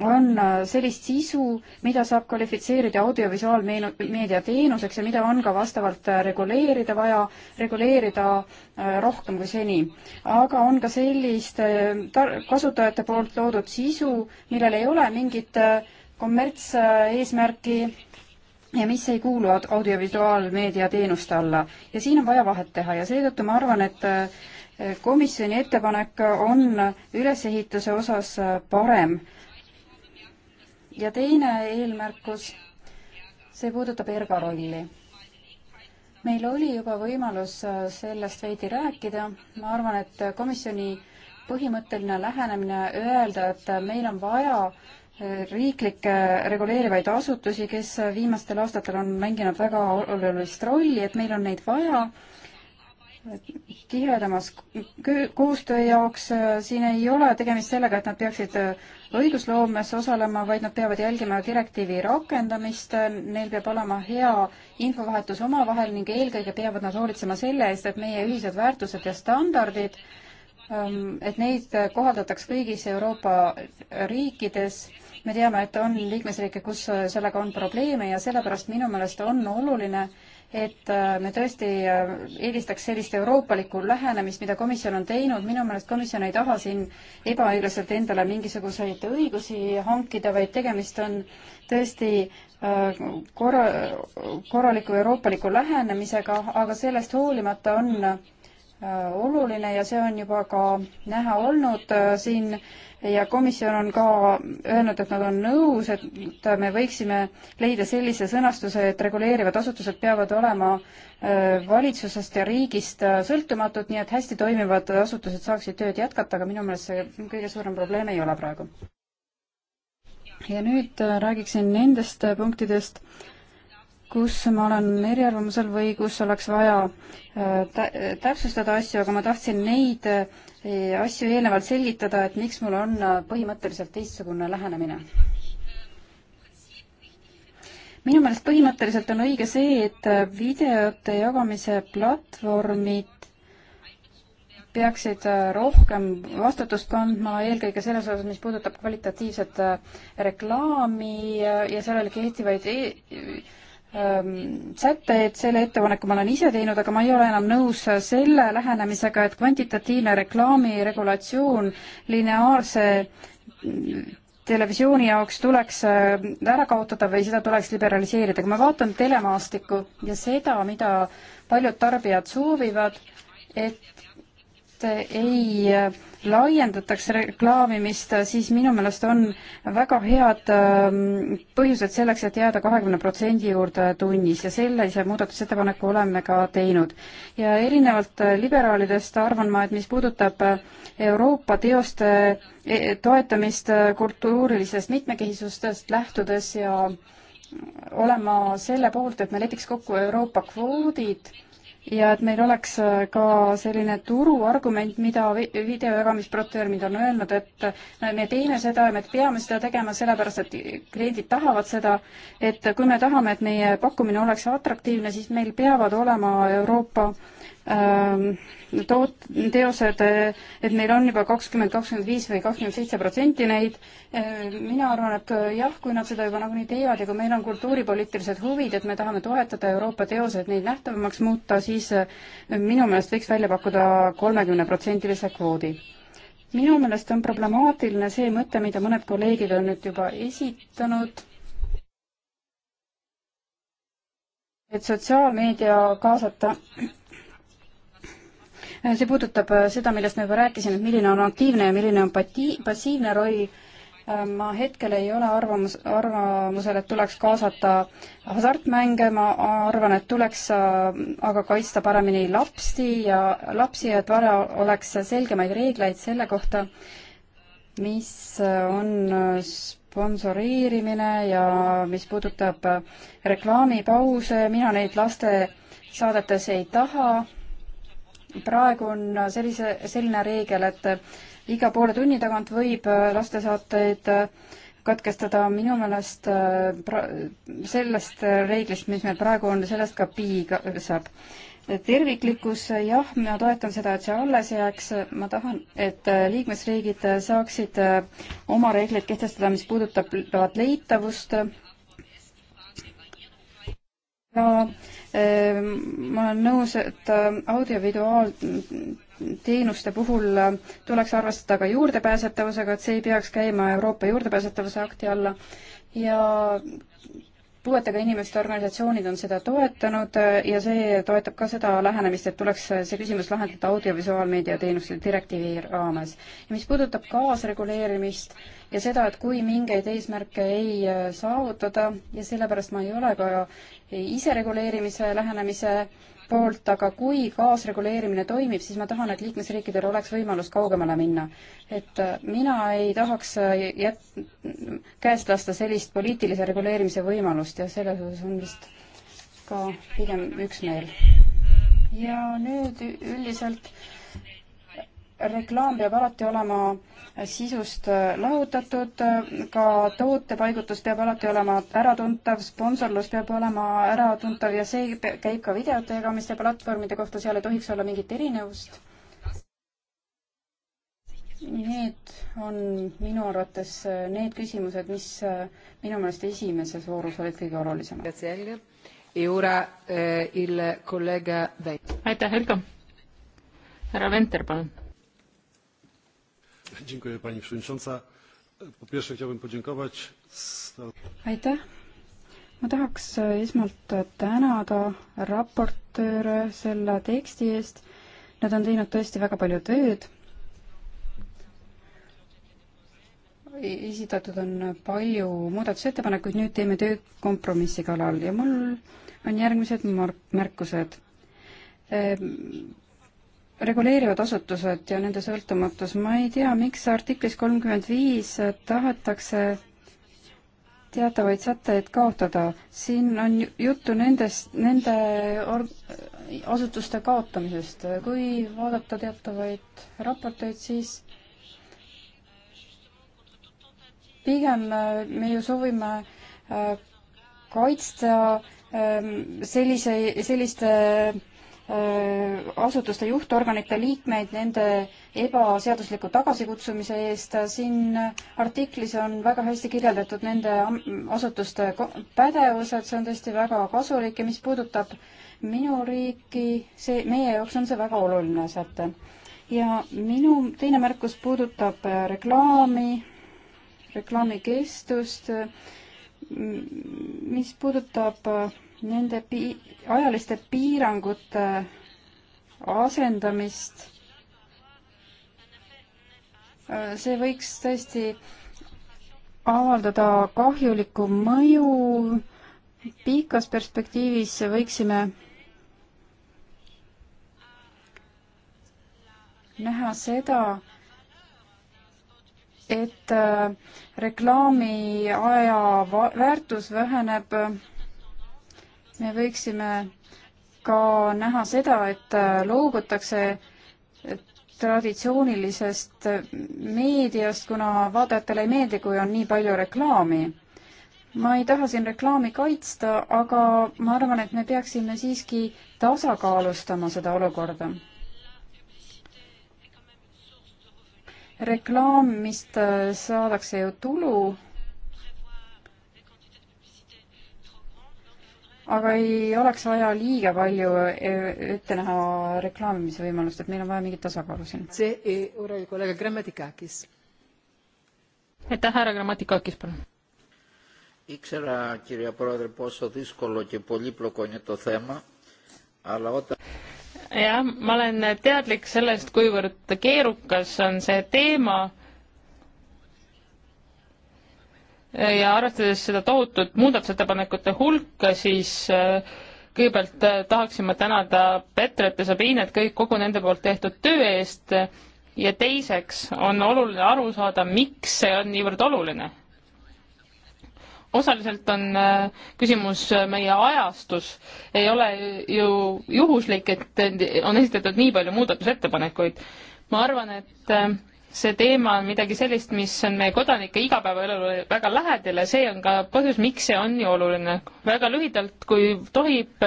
Speaker 5: on äh, sellist sisu, mida saab kvalifitseerida audiovisuaalmeedia teenuseks ja mida on ka vastavalt reguleerida vaja, reguleerida rohkem kui seni. aga on ka sellist kasutajate poolt loodud sisu, millel ei ole mingit äh, kommertseesmärki ja mis ei kuulu audiovisuaalmeedia teenuste alla. ja siin on vaja vahet teha ja seetõttu ma arvan, et eh, komisjoni ettepanek on ülesehituse osas eh, parem. ja teine eelmärkus, see puudutab Erga rolli. meil oli juba võimalus eh, sellest veidi rääkida, ma arvan, et komisjoni põhimõtteline lähenemine öelda, et meil on vaja äh, riiklikke reguleerivaid asutusi, kes viimastel aastatel on mänginud väga olulist rolli, et meil on neid vaja tihedamas koostöö jaoks, äh, siin ei ole tegemist sellega, et nad peaksid äh, õigusloomes osalema, vaid nad peavad jälgima direktiivi rakendamist, neil peab olema hea infovahetus omavahel ning eelkõige peavad nad hoolitsema selle eest, et meie ühised väärtused ja standardid, ähm, et neid kohaldataks kõigis Euroopa riikides me teame, et on liikmesriike, kus äh, sellega on probleeme ja sellepärast minu meelest on oluline, et äh, me tõesti äh, eelistaks sellist euroopalikku lähenemist, mida komisjon on teinud, minu meelest komisjon ei taha siin ebaõiglaselt endale mingisuguseid õigusi hankida, vaid tegemist on tõesti korra, korraliku euroopaliku lähenemisega, aga sellest hoolimata on Äh, oluline ja see on juba ka näha olnud äh, siin ja komisjon on ka öelnud, et nad on nõus, et me võiksime leida sellise sõnastuse, et reguleerivad asutused peavad olema äh, valitsusest ja riigist sõltumatud, nii et hästi toimivad asutused saaksid tööd jätkata, aga minu meelest see kõige suurem probleem ei ole praegu. ja nüüd räägiksin nendest punktidest, kus ma olen eriarvamusel või kus oleks vaja äh, täpsustada asju, aga ma tahtsin neid äh, asju eelnevalt selgitada, et miks mul on äh, põhimõtteliselt teistsugune lähenemine. minu meelest põhimõtteliselt on õige see, et videote jagamise platvormid peaksid rohkem vastutust kandma eelkõige selles osas, mis puudutab kvalitatiivset reklaami ja sellele kehtivaid e Ähm, sätteid, selle ettepaneku ma olen ise teinud, aga ma ei ole enam nõus selle lähenemisega, et kvantitatiivne reklaamiregulatsioon lineaarse televisiooni jaoks tuleks äh, ära kaotada või seda tuleks liberaliseerida. kui ma vaatan telemaastikku ja seda, mida paljud tarbijad soovivad, et ei äh, laiendatakse reklaamimist, siis minu meelest on väga head ähm, põhjused selleks, et jääda kahekümne protsendi juurde tunnis ja sellise muudatusettepaneku oleme ka teinud. ja erinevalt äh, liberaalidest arvan ma, et mis puudutab äh, Euroopa teoste e, toetamist äh, kultuurilisest mitmekesisustest lähtudes ja olema selle poolt, et me lepiks kokku Euroopa kvoodid ja et meil oleks äh, ka selline turuargument, mida videojagamisprotseduurid on öelnud, et äh, me teeme seda ja me peame seda tegema sellepärast, et kliendid tahavad seda, et kui me tahame, et meie pakkumine oleks atraktiivne, siis meil peavad olema Euroopa äh, Ehm, toot-, teosed, et meil on juba kakskümmend, kakskümmend viis või kakskümmend seitse protsenti neid. Ehm, mina arvan, et jah, kui nad seda juba nagunii teevad ja kui meil on kultuuripoliitilised huvid, et me tahame toetada Euroopa teoseid, neid nähtavamaks muuta, siis eh, minu meelest võiks välja pakkuda kolmekümneprotsendilise kvoodi minu meelest on problemaatiline see mõte, mida mõned kolleegid on nüüd juba esitanud et sotsiaalmeedia kaasata see puudutab äh, seda, millest me juba rääkisime, et milline on aktiivne ja milline on pati-, passiivne roll. Äh, ma hetkel ei ole arvamus, arvamusel, et tuleks kaasata hasartmänge, ma arvan, et tuleks äh, aga kaitsta paremini lapsi ja lapsi, et vara oleks selgemaid reegleid selle kohta, mis on sponsoreerimine ja mis puudutab reklaamipause, mina neid laste saadetes ei taha praegu on sellise, selline reegel, et iga poole tunni tagant võib äh, lastesaateid äh, katkestada, minu meelest äh, pra-, sellest reeglist, mis meil praegu on, sellest ka piisab. terviklikkus, jah, mina toetan seda, et see alles jääks, ma tahan, et liikmesriigid saaksid oma reegleid kehtestada, mis puudutavad leitavust ja ehm, ma olen nõus, et ehm, audiovisuaalteenuste puhul ehm, tuleks arvestada ka juurdepääsetavusega, et see ei peaks käima Euroopa juurdepääsetavuse akti alla ja puuetega inimeste organisatsioonid on seda toetanud äh, ja see toetab ka seda lähenemist, et tuleks äh, see küsimus lahendada audiovisuaalmeedia teenuste direktiivi raames. ja mis puudutab kaasreguleerimist ja seda, et kui mingeid eesmärke ei äh, saavutada ja sellepärast ma ei ole ka isereguleerimise lähenemise poolt, aga kui kaasreguleerimine toimib, siis ma tahan, et liikmesriikidel oleks võimalus kaugemale minna. et äh, mina ei tahaks äh, jät-, käest lasta sellist poliitilise reguleerimise võimalust ja selles osas on vist ka pigem üksmeel. ja nüüd üldiselt äh, reklaam peab alati olema sisust äh, lahutatud, äh, ka tootepaigutus peab alati olema äratuntav, sponsorlus peab olema äratuntav ja see käib ka videote jagamiste platvormide kohta, seal ei tohiks olla mingit erinevust. Need on minu arvates äh, need küsimused, mis minu meelest esimeses voorus olid kõige olulisemad. E
Speaker 4: aitäh, Helga! härra Venter, palun
Speaker 5: Dziękuję pani przewodnicząca. Po pierwsze chciałbym podziękować. Aitäh. ma tahaks äh, esmalt tänada raportööre selle teksti eest. Nad on teinud tõesti väga palju tööd. E-, esitatud on palju muudatusettepanekuid, nüüd teeme tööd kompromissi kallal ja mul on järgmised märkused äh, reguleerivad asutused ja nende sõltumatus, ma ei tea, miks artiklis kolmkümmend viis tahetakse teatavaid sätteid kaotada. siin on juttu nendest, nende or-, asutuste kaotamisest. kui vaadata teatavaid raporteid, siis pigem äh, me ju soovime äh, kaitsta ähm, sellise, selliste Äh, asutuste juhtorganite liikmeid nende ebaseadusliku tagasikutsumise eest. siin artiklis on väga hästi kirjeldatud nende asutuste pädevused, see on tõesti väga kasulik ja mis puudutab minu riiki, see, meie jaoks on see väga oluline säte. ja minu teine märkus puudutab äh, reklaami, reklaami kestust, mis puudutab äh, nende pi-, ajaliste piirangute äh, asendamist, äh, see võiks tõesti avaldada kahjulikku mõju, pikas perspektiivis võiksime näha seda, et äh, reklaami aja väärtus väheneb me võiksime ka näha seda, et äh, loobutakse äh, traditsioonilisest äh, meediast, kuna vaatajatele ei meeldi, kui on nii palju reklaami. ma ei taha siin reklaami kaitsta, aga ma arvan, et me peaksime siiski tasakaalustama seda olukorda reklaamist saadakse ju tulu aga ei oleks vaja liiga palju e, ette näha reklaamimise võimalust, et meil on vaja mingit tasakaalu siin. E,
Speaker 4: aitäh, härra Grammatikakis, palun. Ήξερα, κυρία Πρόεδρε, πόσο δύσκολο και πολύπλοκο είναι το θέμα, αλλά όταν...
Speaker 1: jah, ma olen teadlik sellest, kuivõrd keerukas on see teema ja arvestades seda tohutut muudatusettepanekute hulka, siis äh, kõigepealt äh, tahaksime tänada Petret ja Sabinet kõik kogu nende poolt tehtud töö eest ja teiseks on oluline aru saada, miks see on niivõrd oluline. osaliselt on äh, küsimus meie ajastus, ei ole ju juhuslik, et on esitatud nii palju muudatusettepanekuid. ma arvan, et see teema on midagi sellist, mis on meie kodanike igapäevaelule väga lähedal ja see on ka põhjus, miks see on nii oluline. väga lühidalt, kui tohib,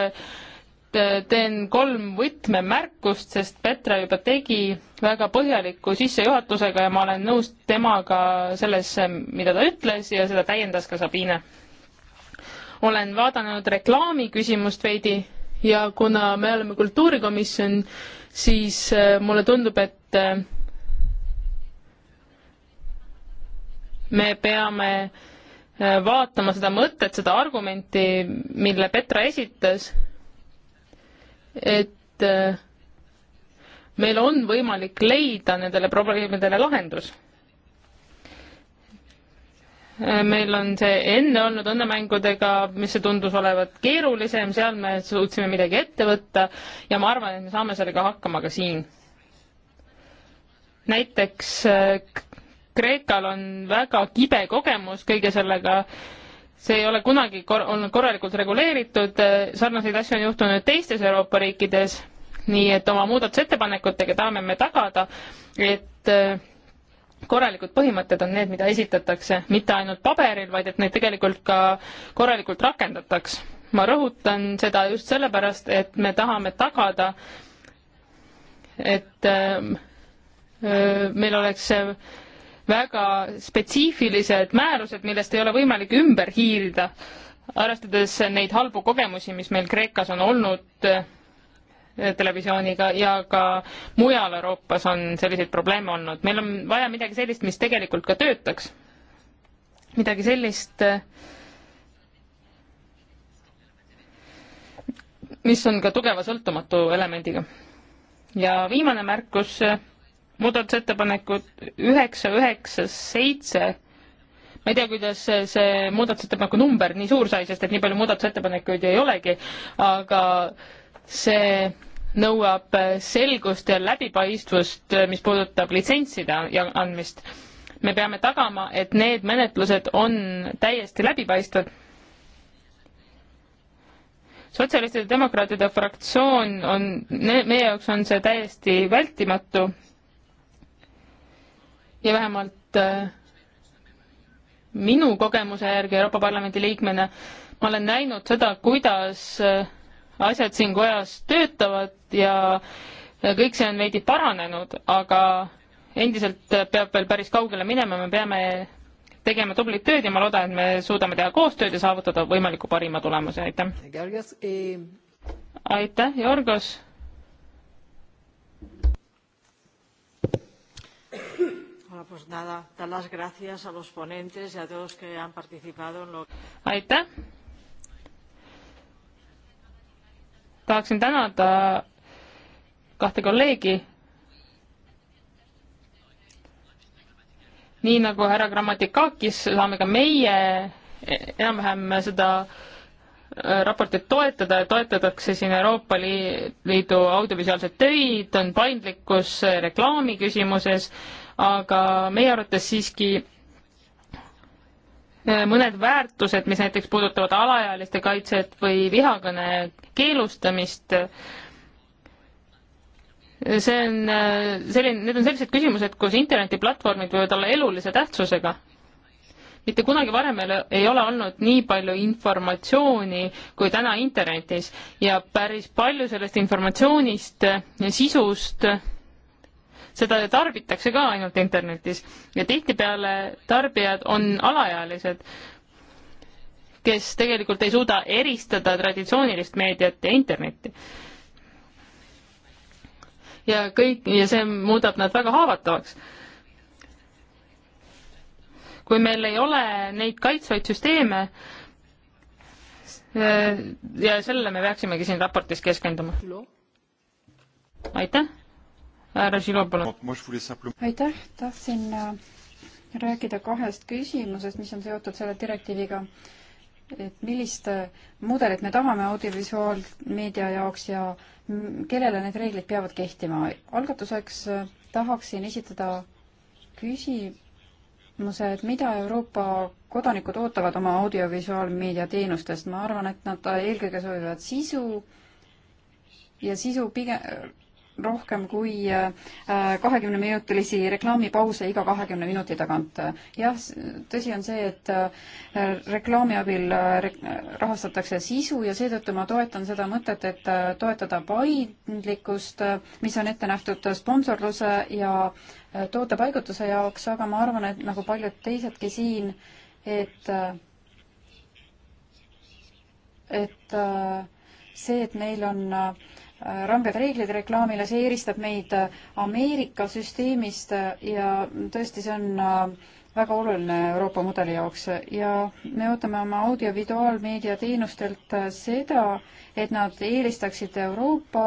Speaker 1: teen kolm võtmemärkust, sest Petra juba tegi väga põhjaliku sissejuhatusega ja ma olen nõus temaga selles, mida ta ütles ja seda täiendas ka Sabine. olen vaadanud reklaami küsimust veidi ja kuna me oleme kultuurikomisjon, siis äh, mulle tundub, et äh, me peame äh, vaatama seda mõtet, seda argumenti, mille Petra esitas, et äh, meil on võimalik leida nendele probleemidele lahendus. Äh, meil on see enne olnud õnnemängudega, mis see tundus olevat keerulisem, seal me suutsime midagi ette võtta ja ma arvan, et me saame sellega hakkama ka siin. näiteks Kreekal on väga kibe kogemus kõige sellega, see ei ole kunagi kor-, olnud korralikult reguleeritud, sarnaseid asju on juhtunud teistes Euroopa riikides, nii et oma muudatusettepanekutega tahame me tagada, et äh, korralikud põhimõtted on need, mida esitatakse, mitte ainult paberil, vaid et neid tegelikult ka korralikult rakendataks. ma rõhutan seda just sellepärast, et me tahame tagada, et äh, äh meil oleks äh, väga spetsiifilised määrused, millest ei ole võimalik ümber hiilida, arvestades neid halbu kogemusi, mis meil Kreekas on olnud eh, televisiooniga ja ka mujal Euroopas on selliseid probleeme olnud. meil on vaja midagi sellist, mis tegelikult ka töötaks. midagi sellist, eh, mis on ka tugeva sõltumatu elemendiga. ja viimane märkus eh, muudatusettepanekud üheksa, üheksa, seitse, ma ei tea, kuidas see muudatusettepaneku number nii suur sai, sest et nii palju muudatusettepanekuid ei olegi, aga see nõuab selgust ja läbipaistvust, mis puudutab litsentside andmist. me peame tagama, et need menetlused on täiesti läbipaistvad sotsialistide demokraatide fraktsioon on, meie jaoks on see täiesti vältimatu ja vähemalt äh, minu kogemuse järgi Euroopa Parlamendi liikmena ma olen näinud seda, kuidas äh, asjad siin kojas töötavad ja kõik see on veidi paranenud, aga endiselt peab veel päris kaugele minema, me peame tegema tublit tööd ja ma loodan, et me suudame teha koostööd ja saavutada võimaliku parima tulemuse, aitäh.
Speaker 4: Eh,
Speaker 1: aitäh, Jorgos
Speaker 4: Bueno, pues nada, dar las gracias a los ponentes y a todos que han participado en lo...
Speaker 1: aitäh! tahaksin tänada kahte kolleegi. nii nagu härra Grammatikakis, saame ka meie enam-vähem seda äh, raportit toetada, toetatakse siin Euroopa Liidu audiovisuaalseid töid, on paindlikkus äh, reklaami küsimuses aga meie arvates siiski eh, mõned väärtused, mis näiteks puudutavad alaealiste kaitset või vihakõne keelustamist, see on eh, selline, need on sellised küsimused, kus internetiplatvormid võivad olla elulise tähtsusega. mitte kunagi varem ei ole olnud nii palju informatsiooni kui täna internetis ja päris palju sellest informatsioonist ja sisust seda tarbitakse ka ainult internetis ja tihtipeale tarbijad on alaealised, kes tegelikult ei suuda eristada traditsioonilist meediat ja internetti. ja kõik, ja see muudab nad väga haavatavaks kui meil ei ole neid kaitsvaid süsteeme, ja sellele me peaksimegi siin raportis keskenduma. aitäh! härra Žilov, palun.
Speaker 5: aitäh, tahtsin äh, rääkida kahest küsimusest, mis on seotud selle direktiiviga. et millist äh, mudelit me tahame audiovisuaalmeedia jaoks ja kellele need reeglid peavad kehtima. algatuseks äh, tahaksin esitada küsimuse, et mida Euroopa kodanikud ootavad oma audiovisuaalmeedia teenustest. ma arvan, et nad eelkõige soovivad sisu ja sisu pigem rohkem kui äh, kahekümneminutilisi reklaamipause iga kahekümne minuti tagant. jah, tõsi on see, et äh, reklaami abil äh, rahastatakse sisu ja seetõttu ma toetan seda mõtet, et toetada paindlikkust, mis on ette nähtud sponsorluse ja tootepaigutuse jaoks, aga ma arvan, et nagu paljud teisedki siin, et et see, et meil on äh, ranged reeglid reklaamile, see eristab meid äh, Ameerika süsteemist äh, ja tõesti, see on äh, väga oluline Euroopa mudeli jaoks ja me ootame oma audiovisuaalmeedia teenustelt seda, et nad eelistaksid Euroopa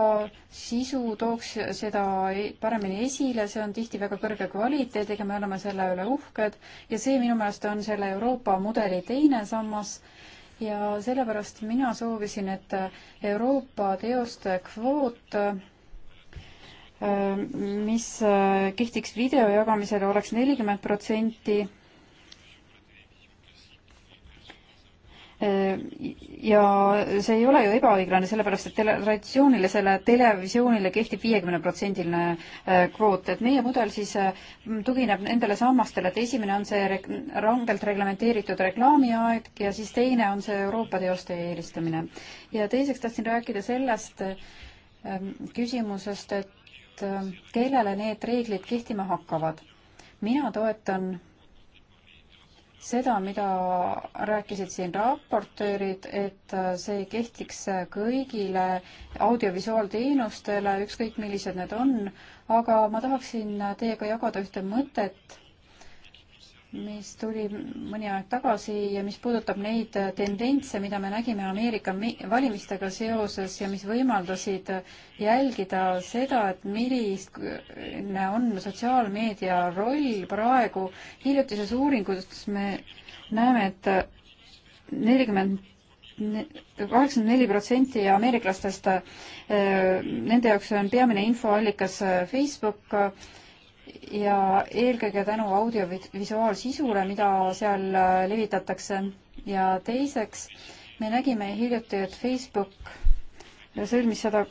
Speaker 5: sisu, tooks seda e-, paremini esile, see on tihti väga kõrge kvaliteediga, me oleme selle üle uhked ja see minu meelest on selle Euroopa mudeli teine sammas ja sellepärast mina soovisin, et Euroopa teoste kvoot äh, mis äh, kehtiks video jagamisele oleks, oleks nelikümmend protsenti Äh, ja see ei ole ju ebaõiglane, sellepärast et tele, traditsioonilisele televisioonile kehtib viiekümneprotsendiline äh, kvoot, et meie mudel siis äh, tugineb nendele sammastele, et esimene on see reg rangelt reglementeeritud reklaamiaeg ja siis teine on see Euroopa teoste eelistamine. ja teiseks tahtsin rääkida sellest ähm, küsimusest, et kellele need reeglid kehtima hakkavad. mina toetan seda, mida rääkisid siin raportöörid, et see kehtiks kõigile audiovisuaalteenustele, ükskõik millised need on, aga ma tahaksin teiega jagada ühte mõtet, mis tuli mõni aeg tagasi ja mis puudutab neid tendentse, mida me nägime Ameerika valimistega seoses ja mis võimaldasid jälgida seda, et milline on sotsiaalmeedia roll praegu. hiljutises uuringus me näeme et, et nelikümmend kaheksakümmend neli protsenti ameeriklastest, äh, nende jaoks on peamine infoallikas äh, Facebook ja eelkõige tänu audiovisuaalsisule, mida seal äh, levitatakse. ja teiseks, me nägime hiljuti, et Facebook sõlmis sada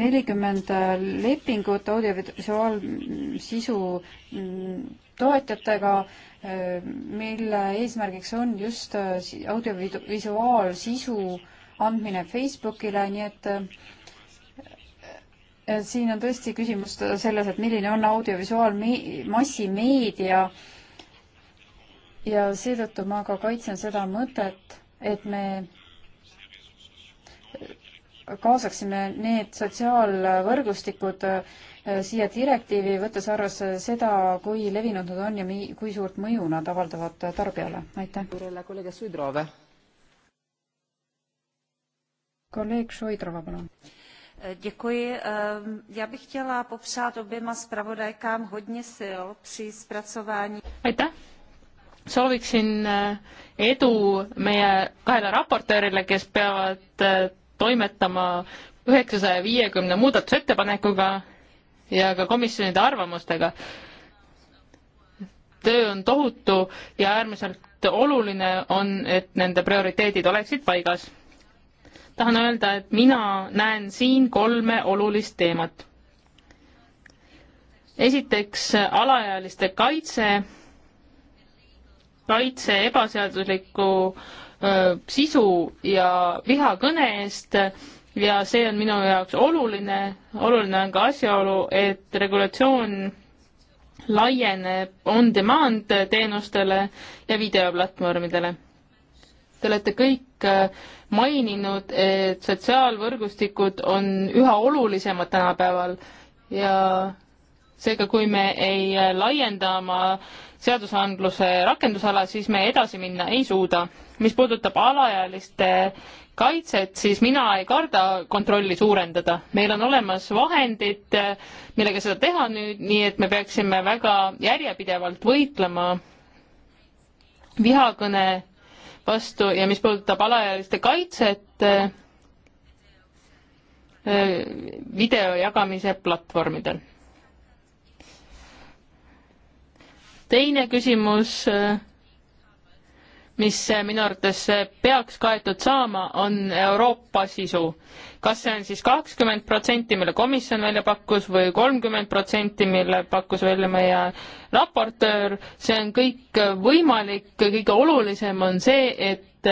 Speaker 5: nelikümmend äh, lepingut audiovisuaalsisu mm, tootjatega, äh, mille eesmärgiks on just audiovisuaalsisu andmine Facebookile, nii et Äh, siin on tõesti küsimus selles, et milline on audiovisuaalmassimeedia ja seetõttu ma ka kaitsen seda mõtet, et me kaasaksime need sotsiaalvõrgustikud äh, siia direktiivi, võttes arvesse seda, kui levinud nad on ja mi-, kui suurt mõju nad avaldavad tarbijale. aitäh. kolleeg Šoidrova, palun
Speaker 3: Děkuji. Ehm, já bych chtěla popřát oběma zpravodajkám hodně sil při zpracování.
Speaker 1: Aitäh! Sooviksin eh, edu meie kahele raportöörile, kes peavad eh, toimetama üheksasaja viiekümne muudatusettepanekuga ja ka komisjonide arvamustega. töö on tohutu ja äärmiselt oluline on, et nende prioriteedid oleksid paigas tahan öelda, et mina näen siin kolme olulist teemat. esiteks alaealiste kaitse, kaitse ebaseadusliku öö, sisu ja vihakõne eest ja see on minu jaoks oluline, oluline on ka asjaolu, et regulatsioon laieneb on-demand teenustele ja videoplatvormidele. Te olete kõik volinik äh, maininud, et sotsiaalvõrgustikud on üha olulisemad tänapäeval ja seega, kui me ei äh, laienda oma seadusandluse rakendusala, siis me edasi minna ei suuda. mis puudutab alaealiste kaitset, siis mina ei karda kontrolli suurendada. meil on olemas vahendid, äh, millega seda teha nüüd, nii et me peaksime väga järjepidevalt võitlema vihakõne vastu ja mis puudutab alaealiste kaitset eh, eh, video jagamise platvormidel. teine küsimus eh, mis minu arvates peaks kaetud saama, on Euroopa sisu. kas see on siis kakskümmend protsenti, mille komisjon välja pakkus või kolmkümmend protsenti, mille pakkus välja meie raportöör, see on kõik võimalik, kõige olulisem on see, et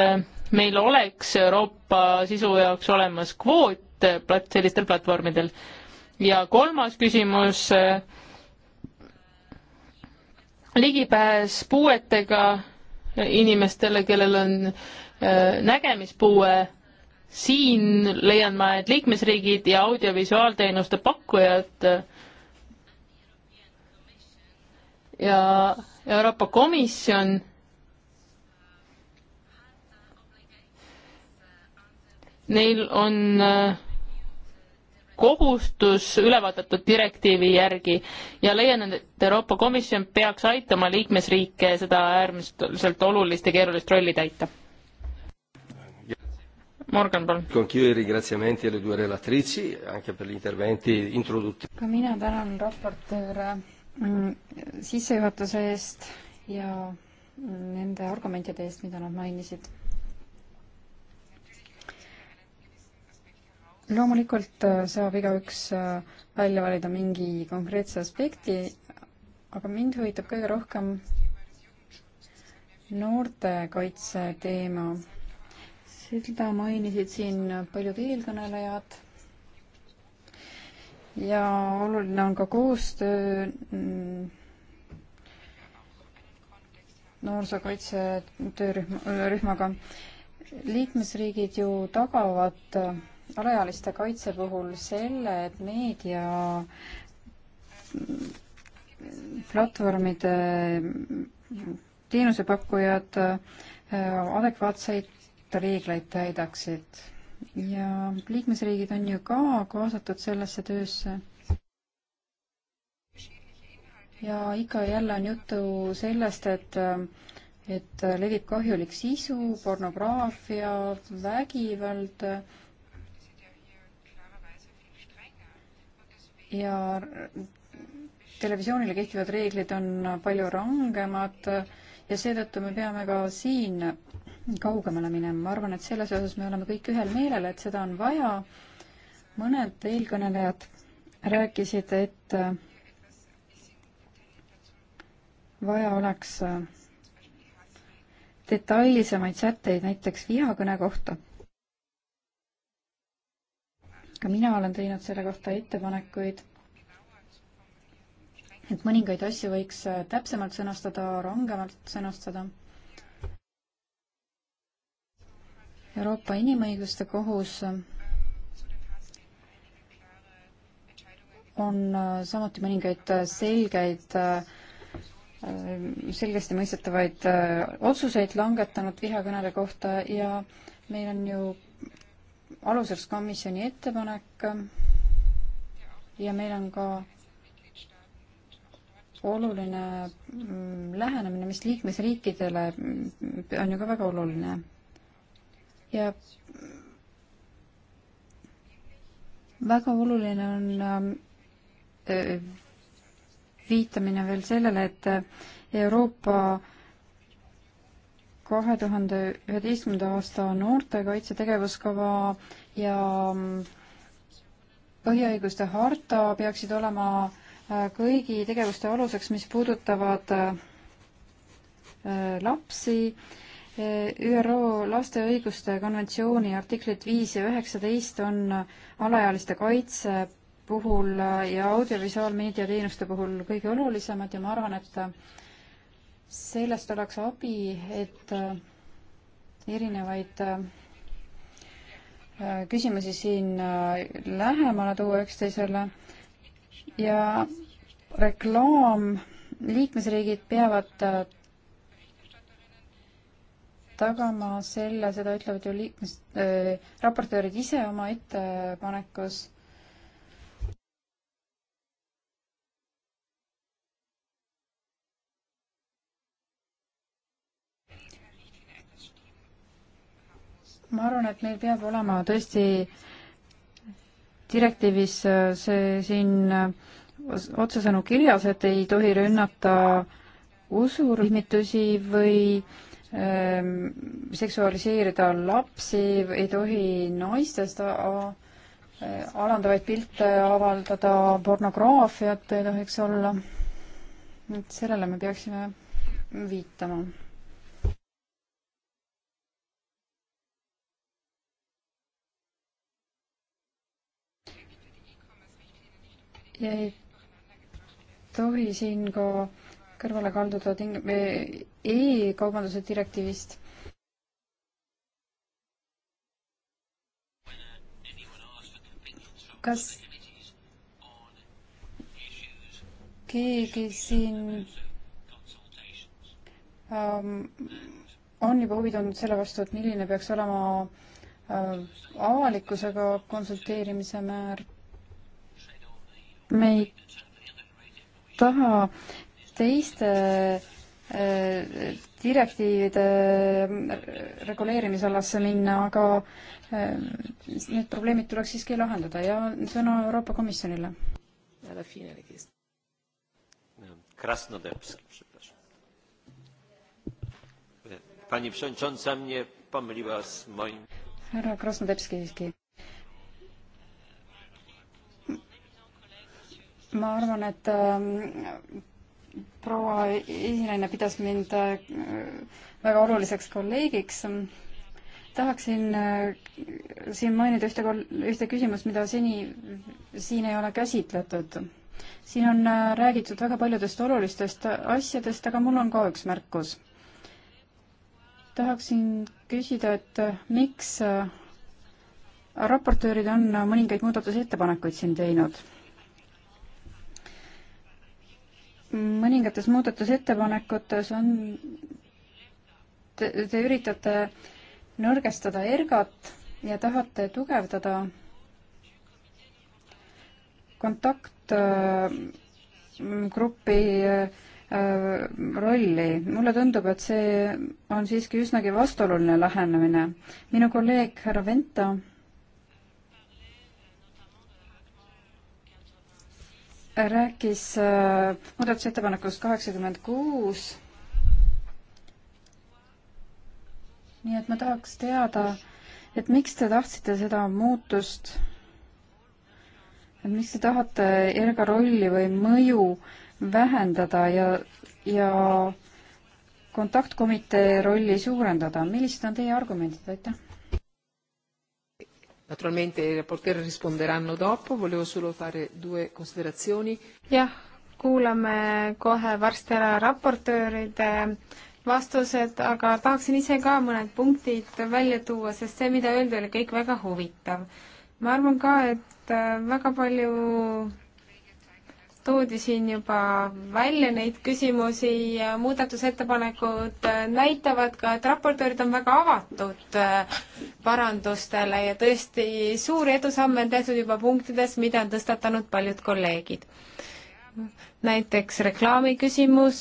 Speaker 1: meil oleks Euroopa sisu jaoks olemas kvoot plat-, sellistel platvormidel. ja kolmas küsimus, ligipääs puuetega inimestele, kellel on äh, nägemispuue, siin leian ma, et liikmesriigid ja audiovisuaalteenuste pakkujad äh, ja Euroopa Komisjon neil on äh, kohustus ülevaadatud direktiivi järgi ja leian, et Euroopa Komisjon peaks aitama liikmesriike seda äärmiselt olulist ja keerulist rolli täita.
Speaker 4: Morgan, palun. ka mina tänan raportööre mm,
Speaker 5: sissejuhatuse eest ja mm, nende argumentide eest, mida nad mainisid loomulikult äh, saab igaüks äh, välja valida mingi konkreetse aspekti, aga mind huvitab kõige rohkem noortekaitse teema. seda mainisid siin paljud eelkõnelejad. ja oluline on ka koostöö mm, noorsookaitse töörühma, rühmaga. liikmesriigid ju tagavad alaealiste kaitse puhul selle, et meedia platvormide teenusepakkujad äh, adekvaatseid reegleid täidaksid ja liikmesriigid on ju ka kaasatud sellesse töösse ja ikka ja jälle on juttu sellest, et äh, et levib kahjulik sisu, pornograafia, vägivald ja televisioonile kehtivad reeglid on palju rangemad ja seetõttu me peame ka siin kaugemale minema. ma arvan, et selles osas me oleme kõik ühel meelel, et seda on vaja. mõned eelkõnelejad rääkisid, et vaja oleks detailsemaid sätteid näiteks vihakõne kohta ka mina olen teinud selle kohta ettepanekuid, et mõningaid asju võiks äh, täpsemalt sõnastada, rangemalt sõnastada. Euroopa Inimõiguste Kohus äh, on äh, samuti mõningaid selgeid selgesti mõistetavaid otsuseid langetanud vihakõnede kohta ja meil on ju aluseks komisjoni ettepanek ja meil on ka oluline mm, lähenemine, mis liikmesriikidele mm, on ju ka väga oluline. ja väga oluline on mm, viitamine veel sellele, et Euroopa äh, kahe tuhande üheteistkümnenda aasta noortekaitse tegevuskava ja mm, põhiõiguste harta peaksid olema äh, kõigi tegevuste aluseks, mis puudutavad äh, äh, lapsi. ÜRO laste õiguste konventsiooni artiklid viis ja üheksateist on alaealiste kaitse puhul ja audiovisuaalmeedia teenuste puhul kõige olulisemad ja ma arvan, et sellest oleks abi, et äh, erinevaid äh, küsimusi siin äh, lähemale tuua üksteisele ja reklaam, liikmesriigid peavad tagama selle, seda ütlevad ju liikmes- äh,, raportöörid ise oma ettepanekus ma arvan, et meil peab olema tõesti direktiivis äh, see siin äh, otsesõnu kirjas, et ei tohi rünnata usurühmitusi või ähm, seksualiseerida lapsi, ei tohi naistest äh, alandavaid pilte avaldada, pornograafiat ei tohiks olla. et sellele me peaksime viitama ja ei tohi siin ka kõrvale kalduda eh, e-kaubanduse direktiivist. kas keegi siin ähm, on juba huvi tundnud selle vastu, et milline peaks olema äh, avalikkusega konsulteerimise määr me ei taha teiste äh, direktiivide äh, reguleerimisalasse minna, aga äh, need probleemid tuleks siiski lahendada ja sõna Euroopa Komisjonile. härra Krasnodebski siiski ma arvan, et ähm, proua esinaine pidas mind äh, väga oluliseks kolleegiks. tahaksin äh, siin mainida ühte, ühte küsimust, mida seni siin ei ole käsitletud. siin on äh, räägitud väga paljudest olulistest asjadest, aga mul on ka üks märkus. tahaksin küsida, et miks raportöörid on mõningaid muudatusettepanekuid siin teinud mõningates muudatusettepanekutes on, te, te üritate nõrgestada ergat ja tahate tugevdada kontaktgrupi äh, äh, rolli. mulle tundub, et see on siiski üsnagi vastuoluline lähenemine. minu kolleeg härra Venta rääkis äh, muudatusettepanekust kaheksakümmend kuus. nii et ma tahaks teada, et miks te tahtsite seda muutust, et miks te tahate erga rolli või mõju vähendada ja, ja kontaktkomitee rolli suurendada, millised on teie argumendid,
Speaker 4: aitäh? Naturalmente i rapporter risponderanno dopo, volevo solo fare due considerazioni. jah, kuulame kohe varsti ära
Speaker 2: raportööride vastused, aga tahaksin ise ka mõned punktid välja tuua, sest see, mida öeldi, oli kõik väga huvitav. ma arvan ka, et äh, väga palju toodi siin juba välja neid küsimusi ja muudatusettepanekud äh, näitavad ka, et raportöörid on väga avatud äh, parandustele ja tõesti suuri edusamme on tehtud juba punktides, mida on tõstatanud paljud kolleegid. näiteks reklaami küsimus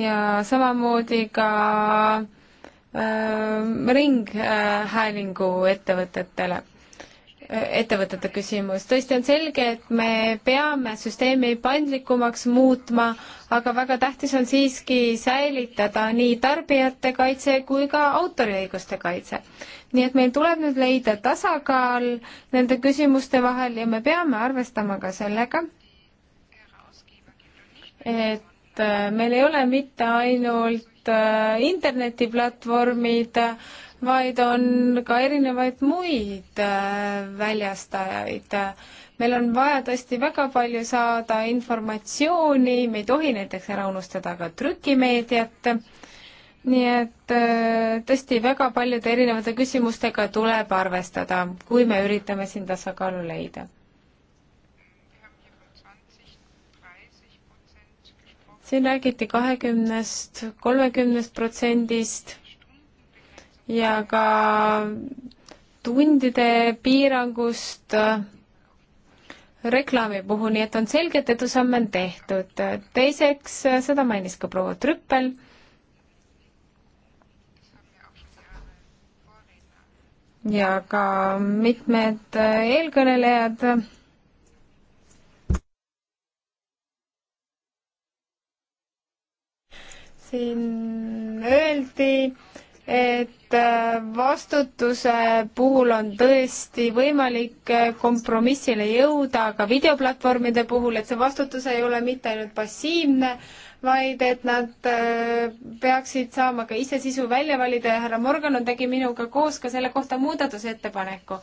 Speaker 2: ja samamoodi ka Äh, ringhäälingu äh, ettevõtetele äh, ettevõtete küsimus. tõesti on selge, et me peame süsteemi paindlikumaks muutma, aga väga tähtis on siiski säilitada nii tarbijate kaitse kui ka autoriõiguste kaitse. nii et meil tuleb nüüd leida tasakaal nende küsimuste vahel ja me peame arvestama ka sellega, et meil ei ole mitte ainult Äh, internetiplatvormid, vaid on ka erinevaid muid äh, väljastajaid. meil on vaja tõesti väga palju saada informatsiooni, me ei tohi näiteks ära unustada ka trükimeediat, nii et äh, tõesti väga paljude erinevate küsimustega tuleb arvestada, kui me üritame siin tasakaalu leida siin räägiti kahekümnest, kolmekümnest protsendist ja ka tundide piirangust äh, reklaami puhul, nii et on selge, et edusamme on tehtud. teiseks, äh, seda mainis ka proua Trüppel ja ka mitmed äh, eelkõnelejad
Speaker 4: siin öeldi, et
Speaker 2: äh, vastutuse puhul on tõesti võimalik äh, kompromissile jõuda, aga videoplatvormide puhul, et see vastutus ei ole mitte ainult passiivne, vaid et nad äh, peaksid saama ka ise sisu välja valida ja härra Morgano tegi minuga koos ka selle kohta muudatusettepaneku.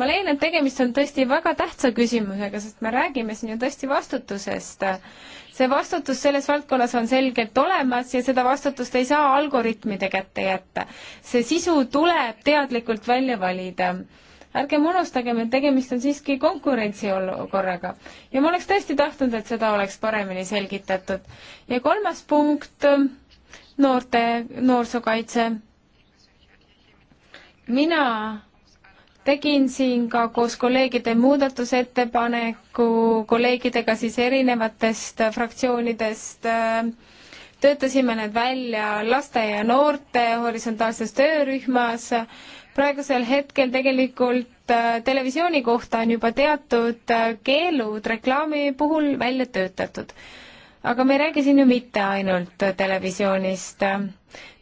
Speaker 2: ma leian, et tegemist on tõesti väga tähtsa küsimusega, sest me räägime siin ju tõesti vastutusest see vastutus selles valdkonnas on selgelt olemas ja seda vastutust ei saa algoritmide kätte jätta. see sisu tuleb teadlikult välja valida ärgem unustagem, et tegemist on siiski konkurentsiolukorraga. ja ma oleks tõesti tahtnud, et seda oleks paremini selgitatud. ja kolmas punkt, noorte, noorsookaitse. mina tegin siin ka koos kolleegide muudatusettepaneku, kolleegidega siis erinevatest fraktsioonidest töötasime need välja laste ja noorte horisontaalses töörühmas. praegusel hetkel tegelikult äh, televisiooni kohta on juba teatud äh, keelud reklaami puhul välja töötatud. aga me ei räägi siin ju mitte ainult televisioonist.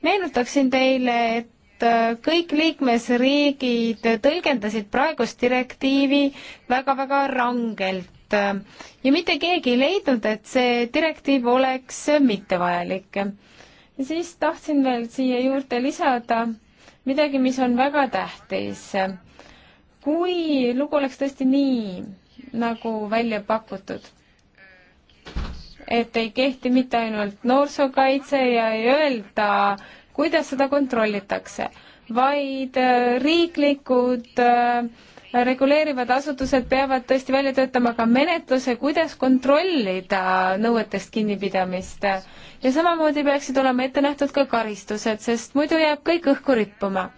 Speaker 2: meenutaksin teile, et Äh, kõik liikmesriigid tõlgendasid praegust direktiivi väga-väga rangelt ja mitte keegi ei leidnud, et see direktiiv oleks mittevajalik. ja siis tahtsin veel siia juurde lisada midagi, mis on väga tähtis. kui lugu oleks tõesti nii, nagu välja pakutud, et ei kehti mitte ainult noorsookaitse ja ei öelda, kuidas seda kontrollitakse, vaid äh, riiklikud äh, reguleerivad asutused peavad tõesti välja töötama ka menetluse, kuidas kontrollida nõuetest kinnipidamist. ja samamoodi peaksid olema ette nähtud ka karistused, sest muidu jääb kõik õhku rippuma.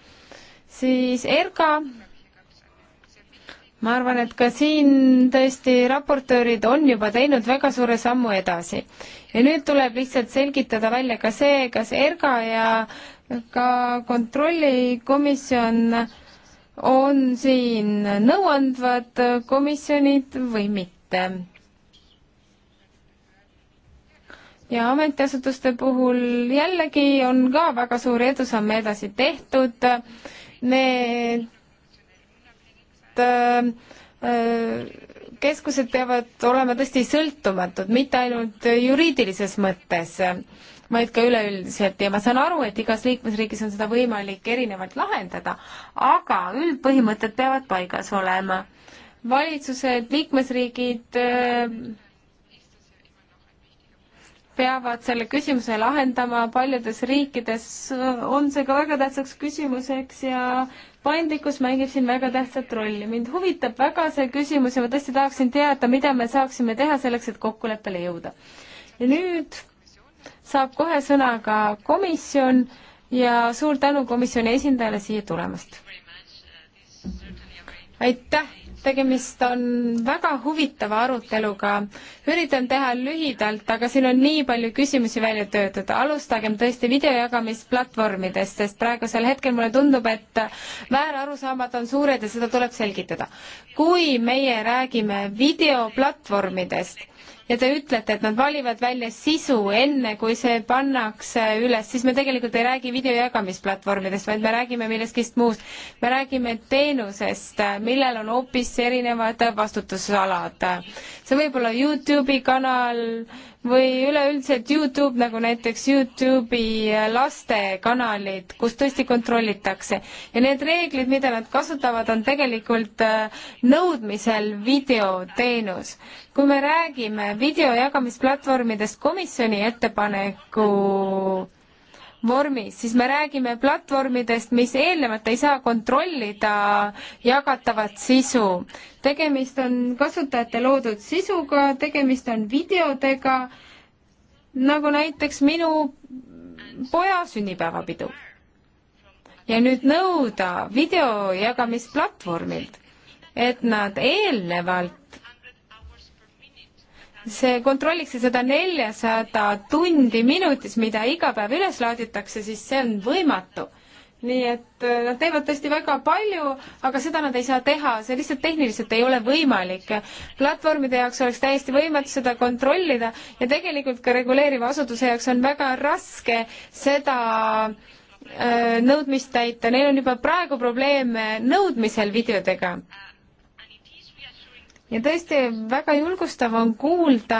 Speaker 2: siis ERKA ma arvan, et ka siin tõesti raportöörid on juba teinud väga suure sammu edasi. ja nüüd tuleb lihtsalt selgitada välja ka see, kas ERGA ja ka kontrollikomisjon on siin nõuandvad komisjonid või mitte. ja ametiasutuste puhul jällegi on ka väga suuri edusamme edasi tehtud need Äh, äh, keskused peavad olema tõesti sõltumatud, mitte ainult juriidilises mõttes, vaid ka üleüldiselt ja ma saan aru, et igas liikmesriigis on seda võimalik erinevalt lahendada, aga üldpõhimõtted peavad paigas olema. valitsused, liikmesriigid äh, peavad selle küsimuse lahendama, paljudes riikides on see ka väga tähtsaks küsimuseks ja paindlikkus mängib siin väga tähtsat rolli. mind huvitab väga see küsimus ja ma tõesti tahaksin teada, mida me saaksime teha selleks, et kokkuleppele jõuda. ja nüüd saab kohe sõna ka komisjon ja suur tänu komisjoni esindajale siia tulemast. aitäh tegemist on väga huvitava aruteluga. üritan teha lühidalt, aga siin on nii palju küsimusi välja töötatud. alustagem tõesti videojagamisplatvormidest, sest praegusel hetkel mulle tundub, et väärarusaamad on suured ja seda tuleb selgitada. kui meie räägime videoplatvormidest, ja te ütlete, et nad valivad välja sisu enne, kui see pannakse üles, siis me tegelikult ei räägi videojagamisplatvormidest, vaid me räägime millestki muust. me räägime teenusest, millel on hoopis erinevad vastutusalad. see võib olla Youtube'i kanal, või üleüldiselt Youtube, nagu näiteks Youtube'i äh, lastekanalid, kus tõesti kontrollitakse. ja need reeglid, mida nad kasutavad, on tegelikult äh, nõudmisel videoteenus. kui me räägime video jagamisplatvormidest, komisjoni ettepaneku vormis, siis me räägime platvormidest, mis eelnevalt ei saa kontrollida jagatavat sisu. tegemist on kasutajate loodud sisuga, tegemist on videodega, nagu näiteks minu poja sünnipäevapidu. ja nüüd nõuda video jagamisplatvormilt, et nad eelnevalt see, kontrolliks seda neljasada tundi minutis, mida iga päev üles laaditakse, siis see on võimatu nii et äh, nad teevad tõesti väga palju, aga seda nad ei saa teha, see lihtsalt tehniliselt ei ole võimalik. platvormide jaoks oleks täiesti võimatu seda kontrollida ja tegelikult ka reguleeriva asutuse jaoks on väga raske seda öö, äh, nõudmist täita, neil on juba praegu probleeme nõudmisel videodega ja tõesti väga julgustav on kuulda,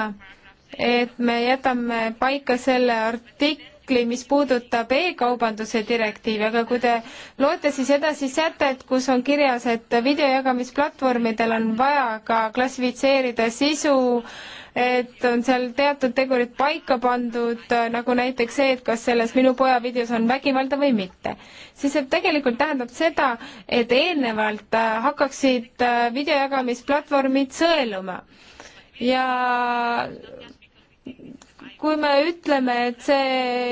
Speaker 2: et me jätame paika selle artikli, mis puudutab e-kaubanduse direktiivi, aga kui te loete siis edasi sätet, kus on kirjas, et videojagamisplatvormidel on vaja ka klassifitseerida sisu äh, et on seal teatud tegurid paika pandud, äh, nagu näiteks see, et kas selles minu poja videos on vägivalda või mitte. siis see tegelikult tähendab seda, et eelnevalt äh, hakkaksid äh, videojagamisplatvormid sõeluma ja kui me ütleme, et see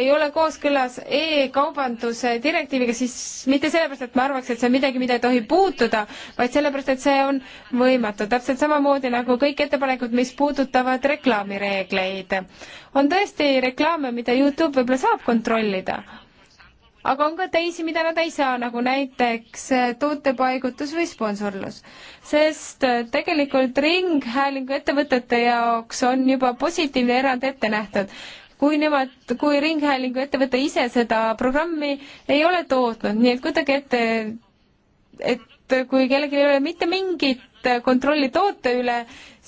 Speaker 2: ei ole kooskõlas e-kaubanduse direktiiviga, siis mitte sellepärast, et me arvaks, et see on midagi, mida ei tohi puutuda, vaid sellepärast, et see on võimatu. täpselt samamoodi nagu kõik ettepanekud, mis puudutavad reklaamireegleid. on tõesti reklaame, mida Youtube võib-olla saab kontrollida, aga on ka teisi, mida nad ei saa, nagu näiteks äh, tootepaigutus või sponsorlus. sest äh, tegelikult ringhäälinguettevõtete jaoks on juba positiivne erand ette nähtud kui nemad, kui Ringhäälingu ettevõte ise seda programmi ei ole tootnud, nii et kuidagi ette, et kui kellelgi ei ole mitte mingit äh, kontrolli toote üle,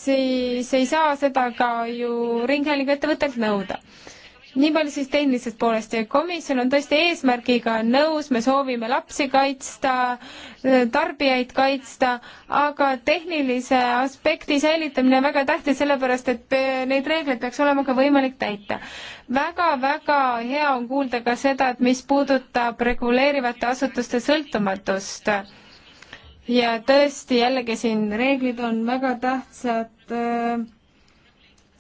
Speaker 2: siis ei saa seda ka ju Ringhäälingu ettevõttelt nõuda nii palju siis tehnilisest poolest ja komisjon on tõesti eesmärgiga nõus, me soovime lapsi kaitsta, tarbijaid kaitsta, aga tehnilise aspekti säilitamine on väga tähtis, sellepärast et neid reegleid peaks olema ka võimalik täita väga,. väga-väga hea on kuulda ka seda, et mis puudutab reguleerivate asutuste sõltumatust ja tõesti jällegi siin reeglid on väga tähtsad.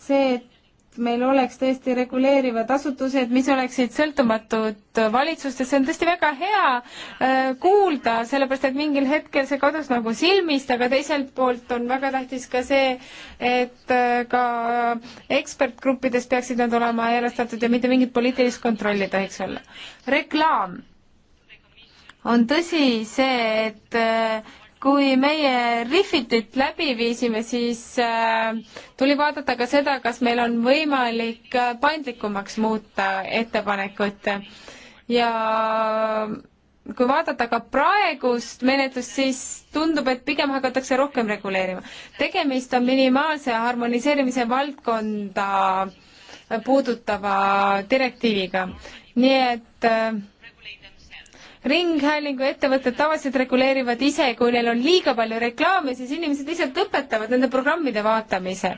Speaker 2: see, et et meil oleks tõesti reguleerivad asutused, mis oleksid sõltumatud valitsustest, see on tõesti väga hea äh, kuulda, sellepärast et mingil hetkel see kadus nagu silmist, aga teiselt poolt on väga tähtis ka see, et äh, ka ekspertgruppides peaksid nad olema erastatud ja mitte mingit poliitilist kontrolli ei tohiks olla. reklaam on tõsi see, et äh, kui meie Refitit läbi viisime, siis äh, tuli vaadata ka seda, kas meil on võimalik äh, paindlikumaks muuta ettepanekut ja kui vaadata ka praegust menetlust, siis tundub, et pigem hakatakse rohkem reguleerima. tegemist on minimaalse harmoniseerimise valdkonda puudutava direktiiviga, nii et äh, ringhäälinguettevõtted tavaliselt reguleerivad ise, kui neil on liiga palju reklaami, siis inimesed lihtsalt lõpetavad nende programmide vaatamise.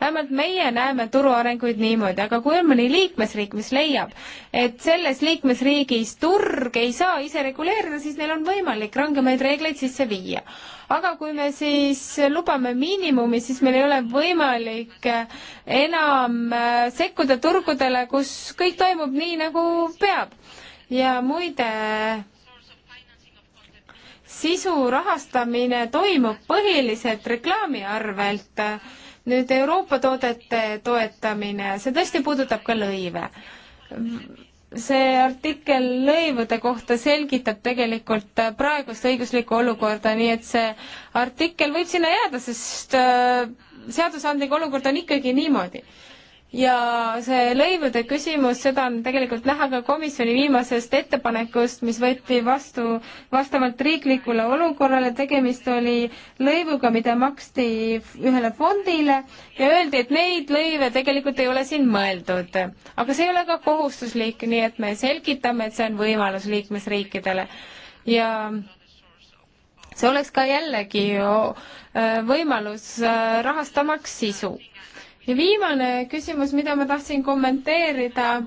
Speaker 2: vähemalt meie näeme turu arenguid niimoodi, aga kui on mõni liikmesriik, mis leiab, et selles liikmesriigis turg ei saa ise reguleerida, siis neil on võimalik rangemaid reegleid sisse viia aga kui me siis lubame miinimumi, siis meil ei ole võimalik eh, enam eh, sekkuda turgudele, kus kõik toimub nii, nagu peab. ja muide, sisu rahastamine toimub põhiliselt reklaami arvelt. nüüd Euroopa toodete toetamine, see tõesti puudutab ka lõive see artikkel lõivude kohta selgitab tegelikult praegust õiguslikku olukorda, nii et see artikkel võib sinna jääda, sest äh, seadusandlik olukord on ikkagi niimoodi ja see lõivude küsimus, seda on tegelikult näha ka komisjoni viimasest ettepanekust, mis võeti vastu vastavalt riiklikule olukorrale, tegemist oli lõivuga, mida maksti ühele fondile ja öeldi, et neid lõive tegelikult ei ole siin mõeldud. aga see ei ole ka kohustuslik, nii et me selgitame, et see on võimalus liikmesriikidele ja see oleks ka jällegi võimalus rahastamaks sisu ja viimane küsimus, mida ma tahtsin kommenteerida,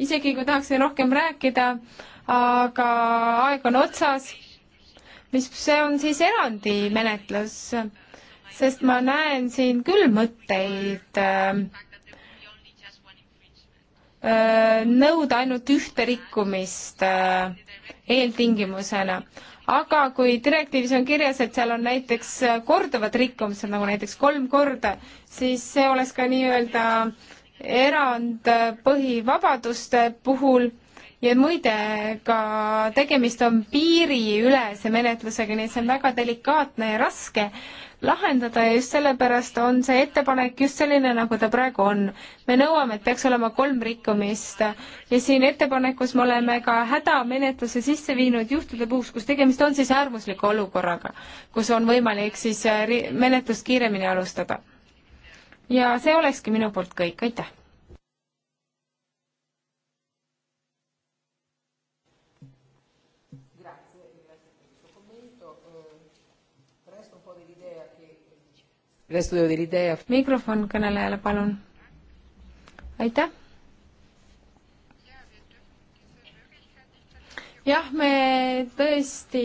Speaker 2: isegi kui tahaksin rohkem rääkida, aga aeg on otsas, mis, see on siis erandimenetlus, sest ma näen siin küll mõtteid äh, nõuda ainult ühte rikkumist äh, eeltingimusena aga kui direktiivis on kirjas, et seal on näiteks äh, korduvad rikkumised, nagu näiteks kolm korda, siis see oleks ka nii-öelda erand põhivabaduste puhul ja muide, ka tegemist on piiriülese menetlusega, nii et see on väga delikaatne ja raske lahendada ja just sellepärast on see ettepanek just selline, nagu ta praegu on. me nõuame, et peaks olema kolm rikkumist ja siin ettepanekus me oleme ka hädamenetluse sisse viinud juhtude puhuks, kus tegemist on siis äärmusliku olukorraga, kus on võimalik siis äh, menetlust kiiremini alustada. ja see olekski minu poolt kõik, aitäh! restul de utilidad of... mikrofon kõnelejale, palun. aitäh. jah, me tõesti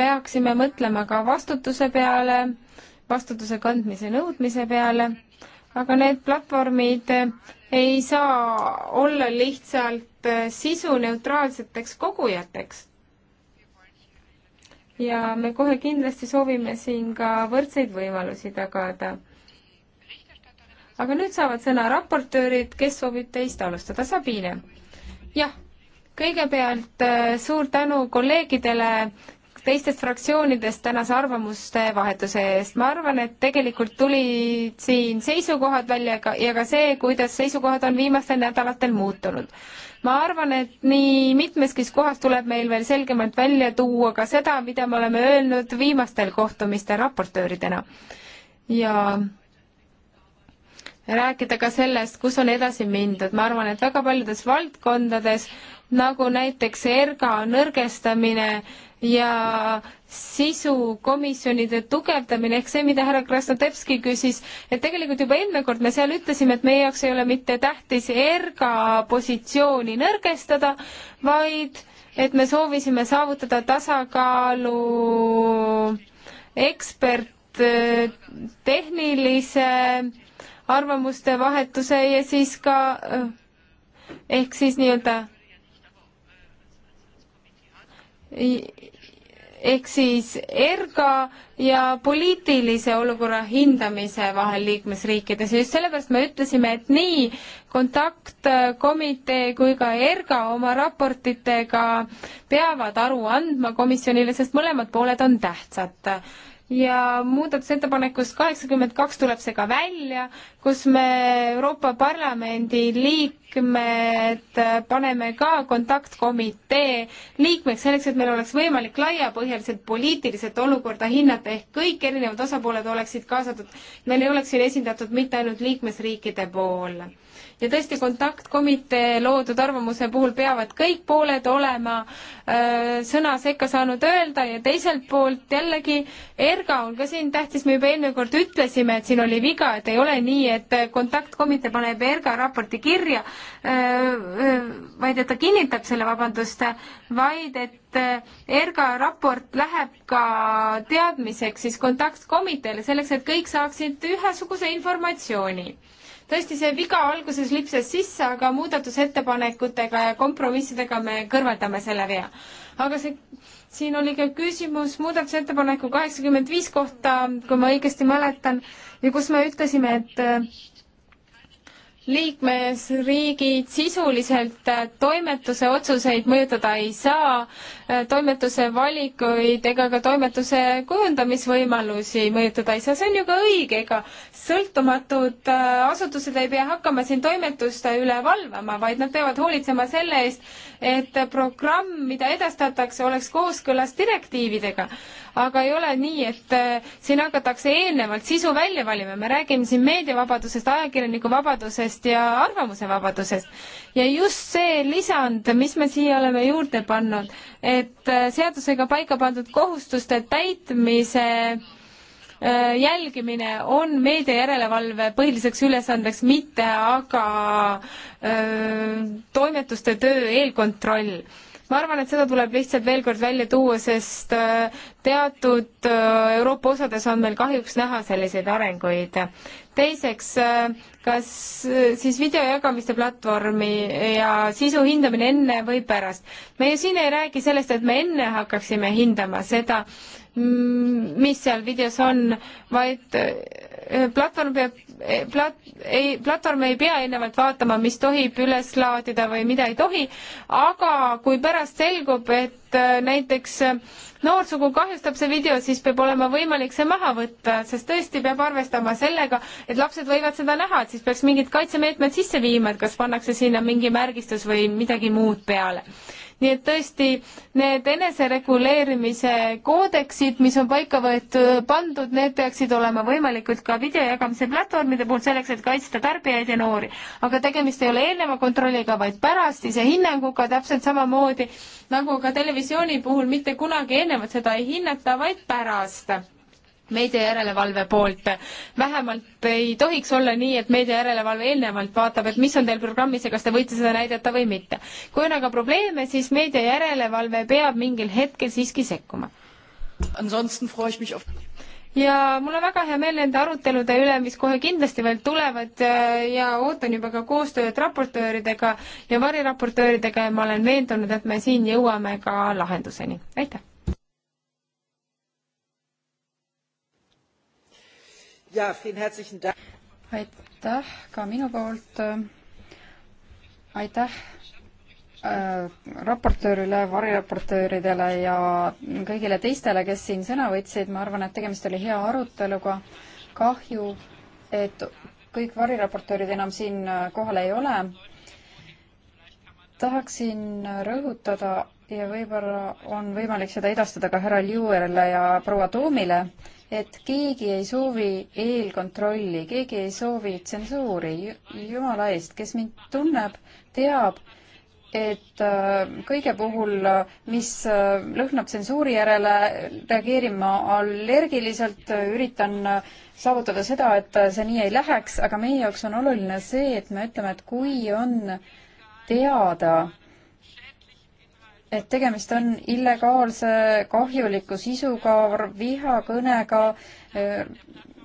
Speaker 2: peaksime mõtlema ka vastutuse peale, vastutuse kandmise nõudmise peale, aga need platvormid ei saa olla lihtsalt sisuneutraalseteks kogujateks ja me kohe kindlasti soovime siin ka võrdseid võimalusi tagada. aga nüüd saavad sõna raportöörid, kes soovib teist alustada, Sabine? jah, kõigepealt äh, suur tänu kolleegidele teistest fraktsioonidest tänase arvamuste vahetuse eest. ma arvan, et tegelikult tulid siin seisukohad välja ka, ja ka see, kuidas seisukohad on viimastel nädalatel muutunud. ma arvan, et nii mitmeski kohas tuleb meil veel selgemalt välja tuua ka seda, mida me oleme öelnud viimastel kohtumistel raportööridena. ja rääkida ka sellest, kus on edasi mindud. ma arvan, et väga paljudes valdkondades, nagu näiteks ERGA nõrgestamine, ja sisukomisjonide tugevdamine ehk see, mida härra Krasnodebski küsis, et tegelikult juba eelmine kord me seal ütlesime, et meie jaoks ei ole mitte tähtis ERGA positsiooni nõrgestada, vaid et me soovisime saavutada tasakaalu eksperttehnilise arvamuste vahetuse ja siis ka ehk siis nii-öelda ehk siis ERGA ja poliitilise olukorra hindamise vahel liikmesriikides ja just sellepärast me ütlesime, et nii kontaktkomitee kui ka ERGA oma raportitega peavad aru andma komisjonile, sest mõlemad pooled on tähtsad ja muudatusettepanekust kaheksakümmend kaks tuleb see ka välja, kus me Euroopa Parlamendi liikmed paneme ka kontaktkomitee liikmeks, selleks et meil oleks võimalik laiapõhjaliselt poliitiliselt olukorda hinnata, ehk kõik erinevad osapooled oleksid kaasatud, meil ei oleks siin esindatud mitte ainult liikmesriikide pool ja tõesti, kontaktkomitee loodud arvamuse puhul peavad kõik pooled olema öö, äh, sõna sekka saanud öelda ja teiselt poolt jällegi ERGA on ka siin tähtis, me juba eelmine kord ütlesime, et siin oli viga, et ei ole nii, et kontaktkomitee paneb ERGA raporti kirja, äh, äh, vaid et ta kinnitab selle, vabandust, vaid et ERGA raport läheb ka teadmiseks siis kontaktkomiteele, selleks et kõik saaksid ühesuguse informatsiooni tõesti, see viga alguses lipsas sisse, aga muudatusettepanekutega ja kompromissidega me kõrvaldame selle vea. aga see, siin oli ka küsimus muudatusettepaneku kaheksakümmend viis kohta, kui ma õigesti mäletan, ja kus me ütlesime, et liikmesriigid sisuliselt äh, toimetuse otsuseid mõjutada ei saa, äh, toimetuse valikuid ega ka toimetuse kujundamisvõimalusi mõjutada ei saa, see on ju ka õige, ega sõltumatud äh, asutused ei pea hakkama siin toimetuste üle valvama, vaid nad peavad hoolitsema selle eest, et programm, mida edastatakse, oleks kooskõlas direktiividega aga ei ole nii, et äh, siin hakatakse eelnevalt sisu välja valima, me räägime siin meediavabadusest, ajakirjanikuvabadusest ja arvamusevabadusest. ja just see lisand, mis me siia oleme juurde pannud, et äh, seadusega paika pandud kohustuste täitmise äh, jälgimine on meediajärelevalve põhiliseks ülesandeks, mitte aga öö, toimetuste töö eelkontroll ma arvan, et seda tuleb lihtsalt veel kord välja tuua, sest äh, teatud äh, Euroopa osades on meil kahjuks näha selliseid arenguid. teiseks, äh, kas siis video jagamiste platvormi ja sisu hindamine enne või pärast? me ju siin ei räägi sellest, et me enne hakkaksime hindama seda, mis seal videos on, vaid platvorm peab plat-, ei, platvorm ei pea eelnevalt vaatama, mis tohib üles laadida või mida ei tohi, aga kui pärast selgub, et äh, näiteks äh, noorsugu kahjustab see video, siis peab olema võimalik see maha võtta, sest tõesti peab arvestama sellega, et lapsed võivad seda näha, et siis peaks mingid kaitsemeetmed sisse viima, et kas pannakse sinna mingi märgistus või midagi muud peale nii et tõesti, need enesereguleerimise koodeksid, mis on paika võetud, pandud, need peaksid olema võimalikud ka videojagamise platvormide puhul, selleks et kaitsta tarbijaid ja noori. aga tegemist ei ole eelneva kontrolliga, vaid pärastise hinnanguga täpselt samamoodi, nagu ka televisiooni puhul mitte kunagi eelnevalt seda ei hinnata, vaid pärast meediajärelevalve poolt. vähemalt ei tohiks olla nii, et meediajärelevalve eelnevalt vaatab, et mis on teil programmis ja kas te võite seda näidata või mitte. kui on aga probleeme, siis meediajärelevalve peab mingil hetkel siiski sekkuma. Ansonsten freue ich mich auf ja mul on väga hea meel nende arutelude üle, mis kohe kindlasti veel tulevad äh, ja ootan juba ka koostööd raportööridega ja variraportööridega ja ma olen veendunud, et me siin jõuame ka lahenduseni. aitäh!
Speaker 4: aitäh
Speaker 5: ka minu poolt. aitäh äh, raportöörile, variraportööridele ja kõigile teistele, kes siin sõna võtsid, ma arvan, et tegemist oli hea aruteluga. kahju, et kõik variraportöörid enam siin äh, kohal ei ole. tahaksin rõhutada, ja võib-olla on võimalik seda edastada ka härra Liuerle ja proua Toomile, et keegi ei soovi eelkontrolli, keegi ei soovi tsensuuri, jumala eest, kes mind tunneb, teab, et äh, kõige puhul, mis äh, lõhnab tsensuuri järele, reageerin ma allergiliselt, üritan äh, saavutada seda, et see nii ei läheks, aga meie jaoks on oluline see, et me ütleme, et kui on teada, et tegemist on illegaalse kahjuliku sisuga, vihakõnega,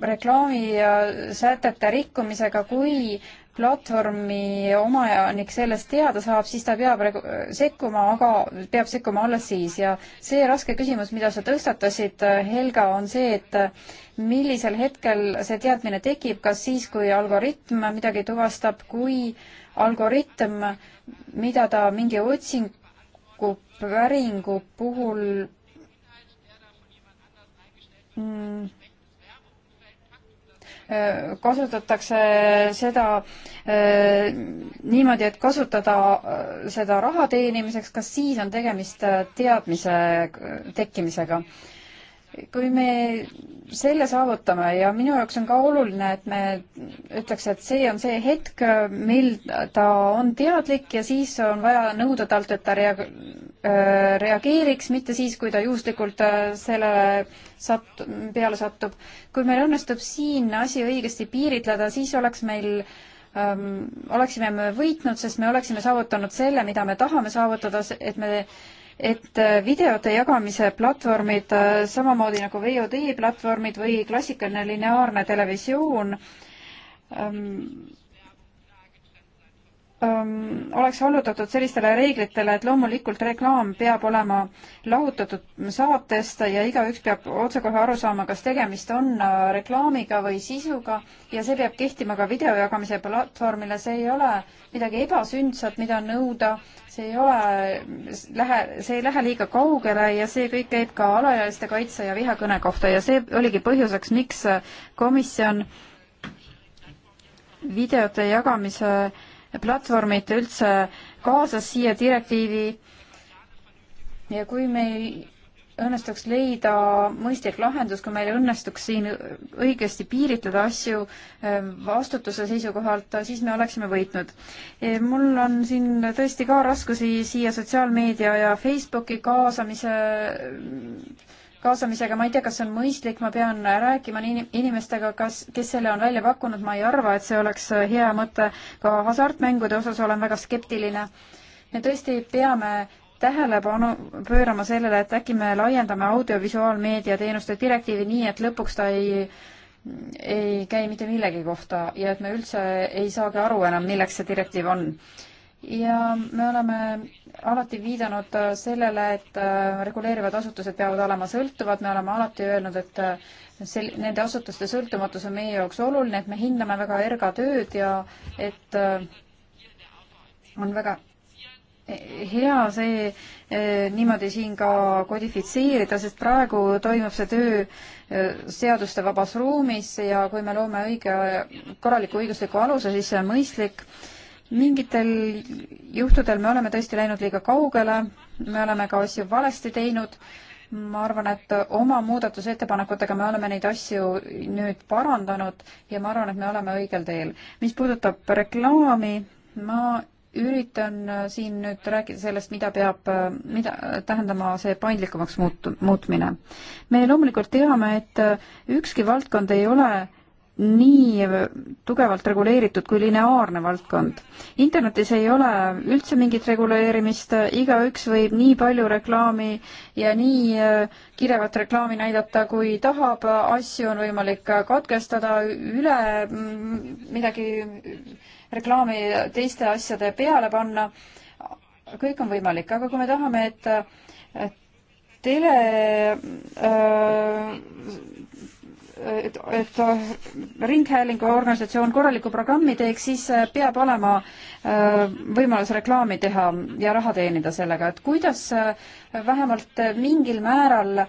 Speaker 5: reklaami ja sätete rikkumisega, kui platvormi omanik sellest teada saab, siis ta peab sekkuma, aga peab sekkuma alles siis ja see raske küsimus, mida sa tõstatasid, Helga, on see, et millisel hetkel see teadmine tekib, kas siis, kui algoritm midagi tuvastab, kui algoritm, mida ta mingi otsing paraku päringu puhul mm, kasutatakse seda mm, niimoodi, et kasutada äh, seda raha teenimiseks, kas siis on tegemist äh, teadmise äh, tekkimisega? kui me selle saavutame ja minu jaoks on ka oluline, et me ütleks, et see on see hetk, mil ta on teadlik ja siis on vaja nõuda talt, et ta rea-, äh, reageeriks, mitte siis, kui ta juhuslikult äh, sellele sat-, peale satub. kui meil õnnestub siin asi õigesti piiritleda, siis oleks meil ähm, oleksime me võitnud, sest me oleksime saavutanud selle, mida me tahame saavutada, et me et äh, videote jagamise platvormid, äh, samamoodi nagu VOD platvormid või klassikaline lineaarne televisioon ähm,, Ähm, oleks allutatud sellistele reeglitele, et loomulikult reklaam peab olema lahutatud saatest ja igaüks peab otsekohe aru saama, kas tegemist on äh, reklaamiga või sisuga ja see peab kehtima ka video jagamise platvormile, see ei ole midagi ebasündsat, mida nõuda, see ei ole, lähe, see ei lähe liiga kaugele ja see kõik käib ka alaealiste kaitse ja vihakõne kohta ja see oligi põhjuseks, miks äh, komisjon videote jagamise äh, platvormid üldse kaasas siia direktiivi. ja kui meil õnnestuks leida mõistlik lahendus, kui meil õnnestuks siin õigesti piiritleda asju ehm, vastutuse seisukohalt, siis me oleksime võitnud. Ehm, mul on siin tõesti ka raskusi siia sotsiaalmeedia ja Facebooki kaasamise kaasamisega, ma ei tea, kas see on mõistlik, ma pean rääkima inimestega, kas, kes selle on välja pakkunud, ma ei arva, et see oleks hea mõte. ka hasartmängude osas olen väga skeptiline. me tõesti peame tähelepanu pöörama sellele, et äkki me laiendame audiovisuaalmeedia teenuste direktiivi nii, et lõpuks ta ei ei käi mitte millegi kohta ja et me üldse ei saagi aru enam, milleks see direktiiv on. ja me oleme alati viidanud äh, sellele, et äh, reguleerivad asutused peavad olema sõltuvad, me oleme alati öelnud, et äh, sel-, nende asutuste sõltumatus on meie jaoks oluline, et me hindame väga erga tööd ja et on väga e-, hea see niimoodi siin ka kodifitseerida, sest praegu toimub see töö seaduste vabas ruumis ja kui me loome õige, korraliku õigusliku aluse, siis see on mõistlik mingitel juhtudel me oleme tõesti läinud liiga kaugele, me oleme ka asju valesti teinud. ma arvan, et oma muudatusettepanekutega me oleme neid asju nüüd parandanud ja ma arvan, et me oleme õigel teel. mis puudutab reklaami, ma üritan siin nüüd rääkida sellest, mida peab, mida tähendama see paindlikumaks muutu-, muutmine. me loomulikult teame, et ükski valdkond ei ole nii tugevalt reguleeritud kui lineaarne valdkond. internetis ei ole üldse mingit reguleerimist, igaüks võib nii palju reklaami ja nii äh, kirevat reklaami näidata, kui tahab, asju on võimalik katkestada, üle mm, midagi reklaami teiste asjade peale panna, kõik on võimalik, aga kui me tahame, et, et tele öö, äh, et, et äh, Ringhäälingu organisatsioon korralikku programmi teeks, siis äh, peab olema äh, võimalus reklaami teha ja raha teenida sellega, et kuidas vähemalt mingil määral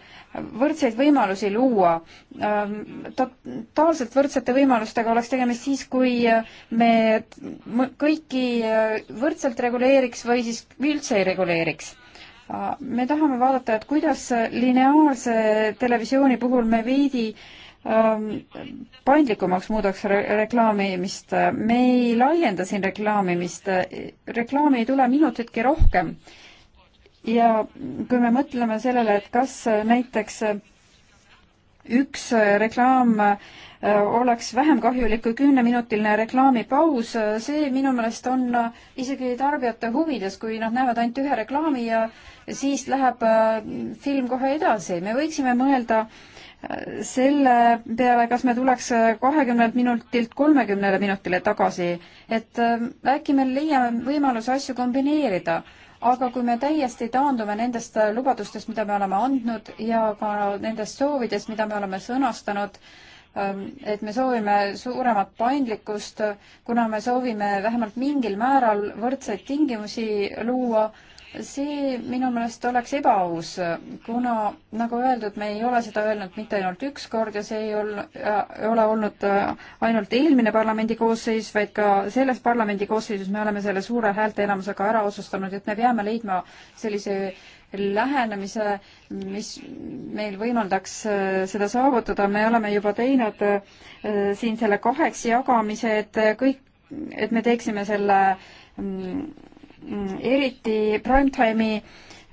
Speaker 5: võrdseid võimalusi luua. Ähm, totaalselt võrdsete võimalustega oleks tegemist siis, kui me kõiki võrdselt reguleeriks või siis üldse ei reguleeriks me tahame vaadata, et kuidas lineaarse televisiooni puhul me veidi äh, Ähm, paindlikumaks muudaks re reklaamimist. me ei laienda siin reklaamimist, reklaami ei tule minutitki rohkem. ja kui me mõtleme sellele, et kas näiteks üks reklaam äh, oleks vähem kahjulik kui kümneminutiline reklaamipaus, see minu meelest on isegi tarbijate huvides, kui nad näevad ainult ühe reklaami ja siis läheb äh, film kohe edasi. me võiksime mõelda äh, selle peale, kas me tuleks kahekümnelt minutilt kolmekümnele minutile tagasi, et äh, äkki me leiame võimaluse asju kombineerida, aga kui me täiesti taandume nendest lubadustest, mida me oleme andnud ja ka nendest soovidest, mida me oleme sõnastanud, ähm, et me soovime suuremat paindlikkust, kuna me soovime vähemalt mingil määral võrdseid tingimusi luua see minu meelest oleks ebaaus, kuna nagu öeldud, me ei ole seda öelnud mitte ainult üks kord ja see ei ol-, äh, ole olnud äh, ainult eelmine parlamendi koosseis, vaid ka selles parlamendi koosseisus me oleme selle suure häälteenamusega ära otsustanud, et me peame leidma sellise lähenemise, mis meil võimaldaks äh, seda saavutada, me oleme juba teinud siin selle kaheks jagamise, et kõik, et me teeksime selle mm, Mm, eriti primetime'i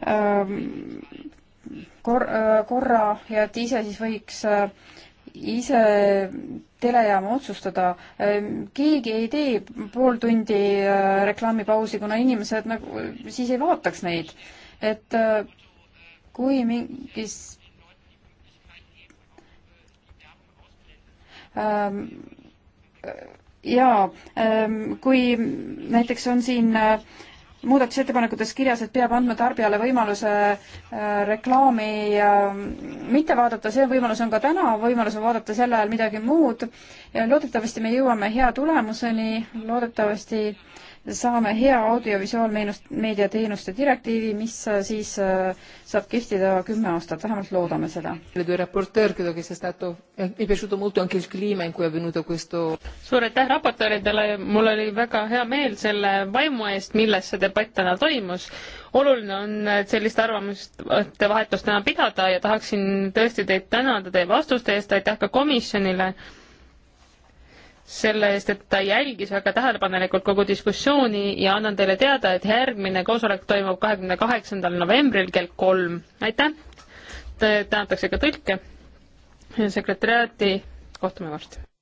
Speaker 5: ähm, kor-, äh, korra ja et ise siis võiks äh, ise telejaama otsustada. Ähm, keegi ei tee pool tundi äh, reklaamipausi, kuna inimesed nagu siis ei vaataks neid. et kui mingis ähm, jaa, ähm, kui näiteks on siin äh, muudatusettepanekutes kirjas, et peab andma tarbijale võimaluse äh, reklaami mm, mitte vaadata, see võimalus on ka täna, võimalus on vaadata sel ajal midagi muud. loodetavasti me jõuame hea tulemuseni, loodetavasti saame hea audiovisuaalmeedia teenuste direktiivi, mis
Speaker 4: äh, siis äh, saab kehtida kümme aastat, vähemalt loodame seda. Eh, suur
Speaker 1: aitäh raportööridele, mul oli väga hea meel selle vaimu eest, milles see debatt täna toimus. oluline on sellist arvamuste vahetust täna pidada ja tahaksin tõesti teid tänada teie vastuste eest, aitäh ka komisjonile selle eest, et ta jälgis väga tähelepanelikult kogu diskussiooni ja annan teile teada, et järgmine koosolek toimub kahekümne kaheksandal novembril kell kolm. aitäh! tänatakse ka tõlke,
Speaker 4: sekretäriaati, kohtume varsti!